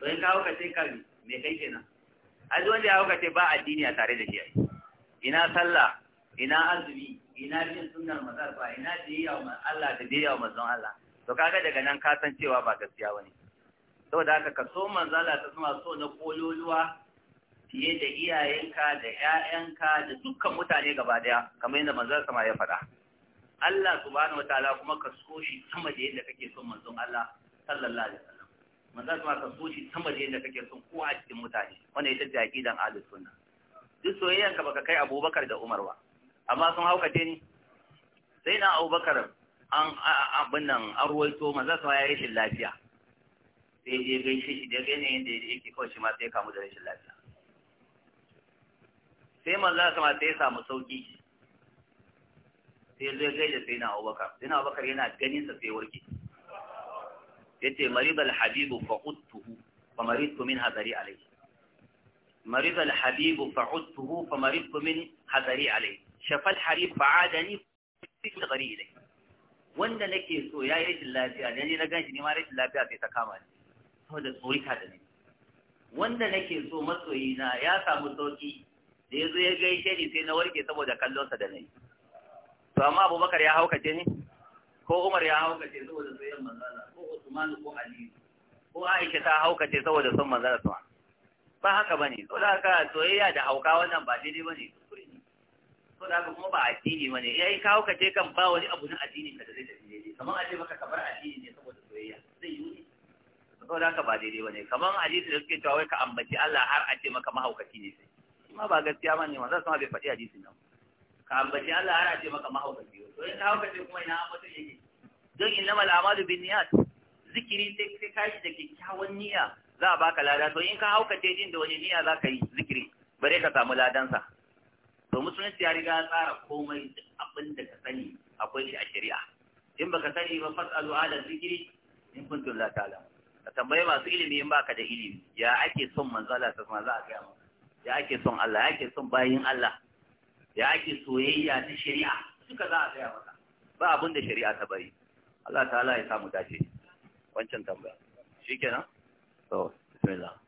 to in ka haukace ka me kai kenan aji wanda ya haukace ba addini a tare da shi ina sallah ina azumi ina jin sunnar mazar ba ina biyayya ma Allah da biyayya ma manzon Allah to kaga daga nan ka san cewa ba gaskiya bane saboda haka ka so manzo Allah ta sama so na kololuwa fiye da iyayenka da ‘ya'yanka da dukkan mutane gaba daya kamar yadda manzon sama ya faɗa. Allah subhanahu wataala kuma ka so shi sama da yadda kake son manzon Allah sallallahu alaihi wasallam. Manzon sama ka so shi sama da yadda kake son kowa a cikin mutane wanda ita ce aqidan ahlus sunna. Duk soyayyanka baka kai Abubakar da Umar ba amma sun haukace ni. Sai na Abubakar an abin nan an ruwaito manzon sama ya yi rashin lafiya. Sai ya gaishe shi da yanayin da yake kawai shi ma sai kamu da rashin lafiya. sai manzon sama sai ya samu sauki sai zai gaida sai na abubakar sai na abubakar yana ganin sa sai warke yace maribal habibu fa Tuhu fa maridtu min hadari alayhi maribal habibu fa quttuhu fa maridtu min hadari alayhi shafa al harib fa adani fi hadari ilayhi wanda nake so ya yi rashin lafiya da ni na ganshi ni ma rashin lafiya sai ta kama ni saboda tsorika da ni wanda nake so masoyina ya samu sauki da ya zo ya gaishe ni sai na warke saboda kallonsa da na yi to amma abubakar ya haukace ne ko umar ya haukace saboda zoyen manzala ko usman ko ali ko aisha ta haukace saboda son manzala su ba haka bane to da haka soyayya da hauka wannan ba daidai bane to da haka kuma ba addini bane yayin eh, ka haukace kan ba wani abu na addini ka da zai tafi daidai kamar a ce maka kabar addini ne saboda soyayya zai yi to da haka ba daidai bane kamar hadisi da suke cewa wai ka ambaci Allah har a ce maka mahaukaci ne sai Kuma ma ba gaskiya ba ne wanda suna bai faɗi hadisin nan ka ambaci Allah ana ce maka mahaukaci to in mahaukaci kuma ina an mutum yake don mal a'malu binniyat zikiri sai sai kai da kyakkyawan niyya za a baka lada to in ka haukace din da wani niyya za ka yi zikiri bare ka samu ladansa to musulunci ya riga tsara komai duk abin da ka sani akwai shi a shari'a in baka sani ba fasalu ala zikiri in kuntum la ta'lamu ka tambaye masu ilimi in baka da ilimi ya ake son manzala ta za a kai maka ya ake son Allah ya ake son bayin Allah ya ake soyayya ta shari'a suka za a tsaya maka ba abin da shari'a ta bari Allah ta'ala ya samu dace wancan tambaya ke nan? So, bismillah ke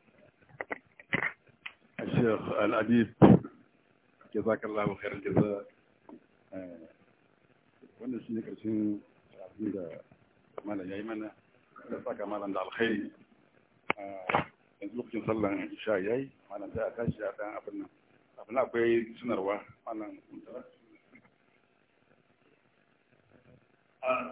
الأديب جزاك الله خير الجزاء wanda shi ne karshen abin da malam ya yi mana da saka malam da alkhairi ah, yanzu lokacin sallan isha yayi malam sai a tashi a kan abin nan abin nan akwai sanarwa malam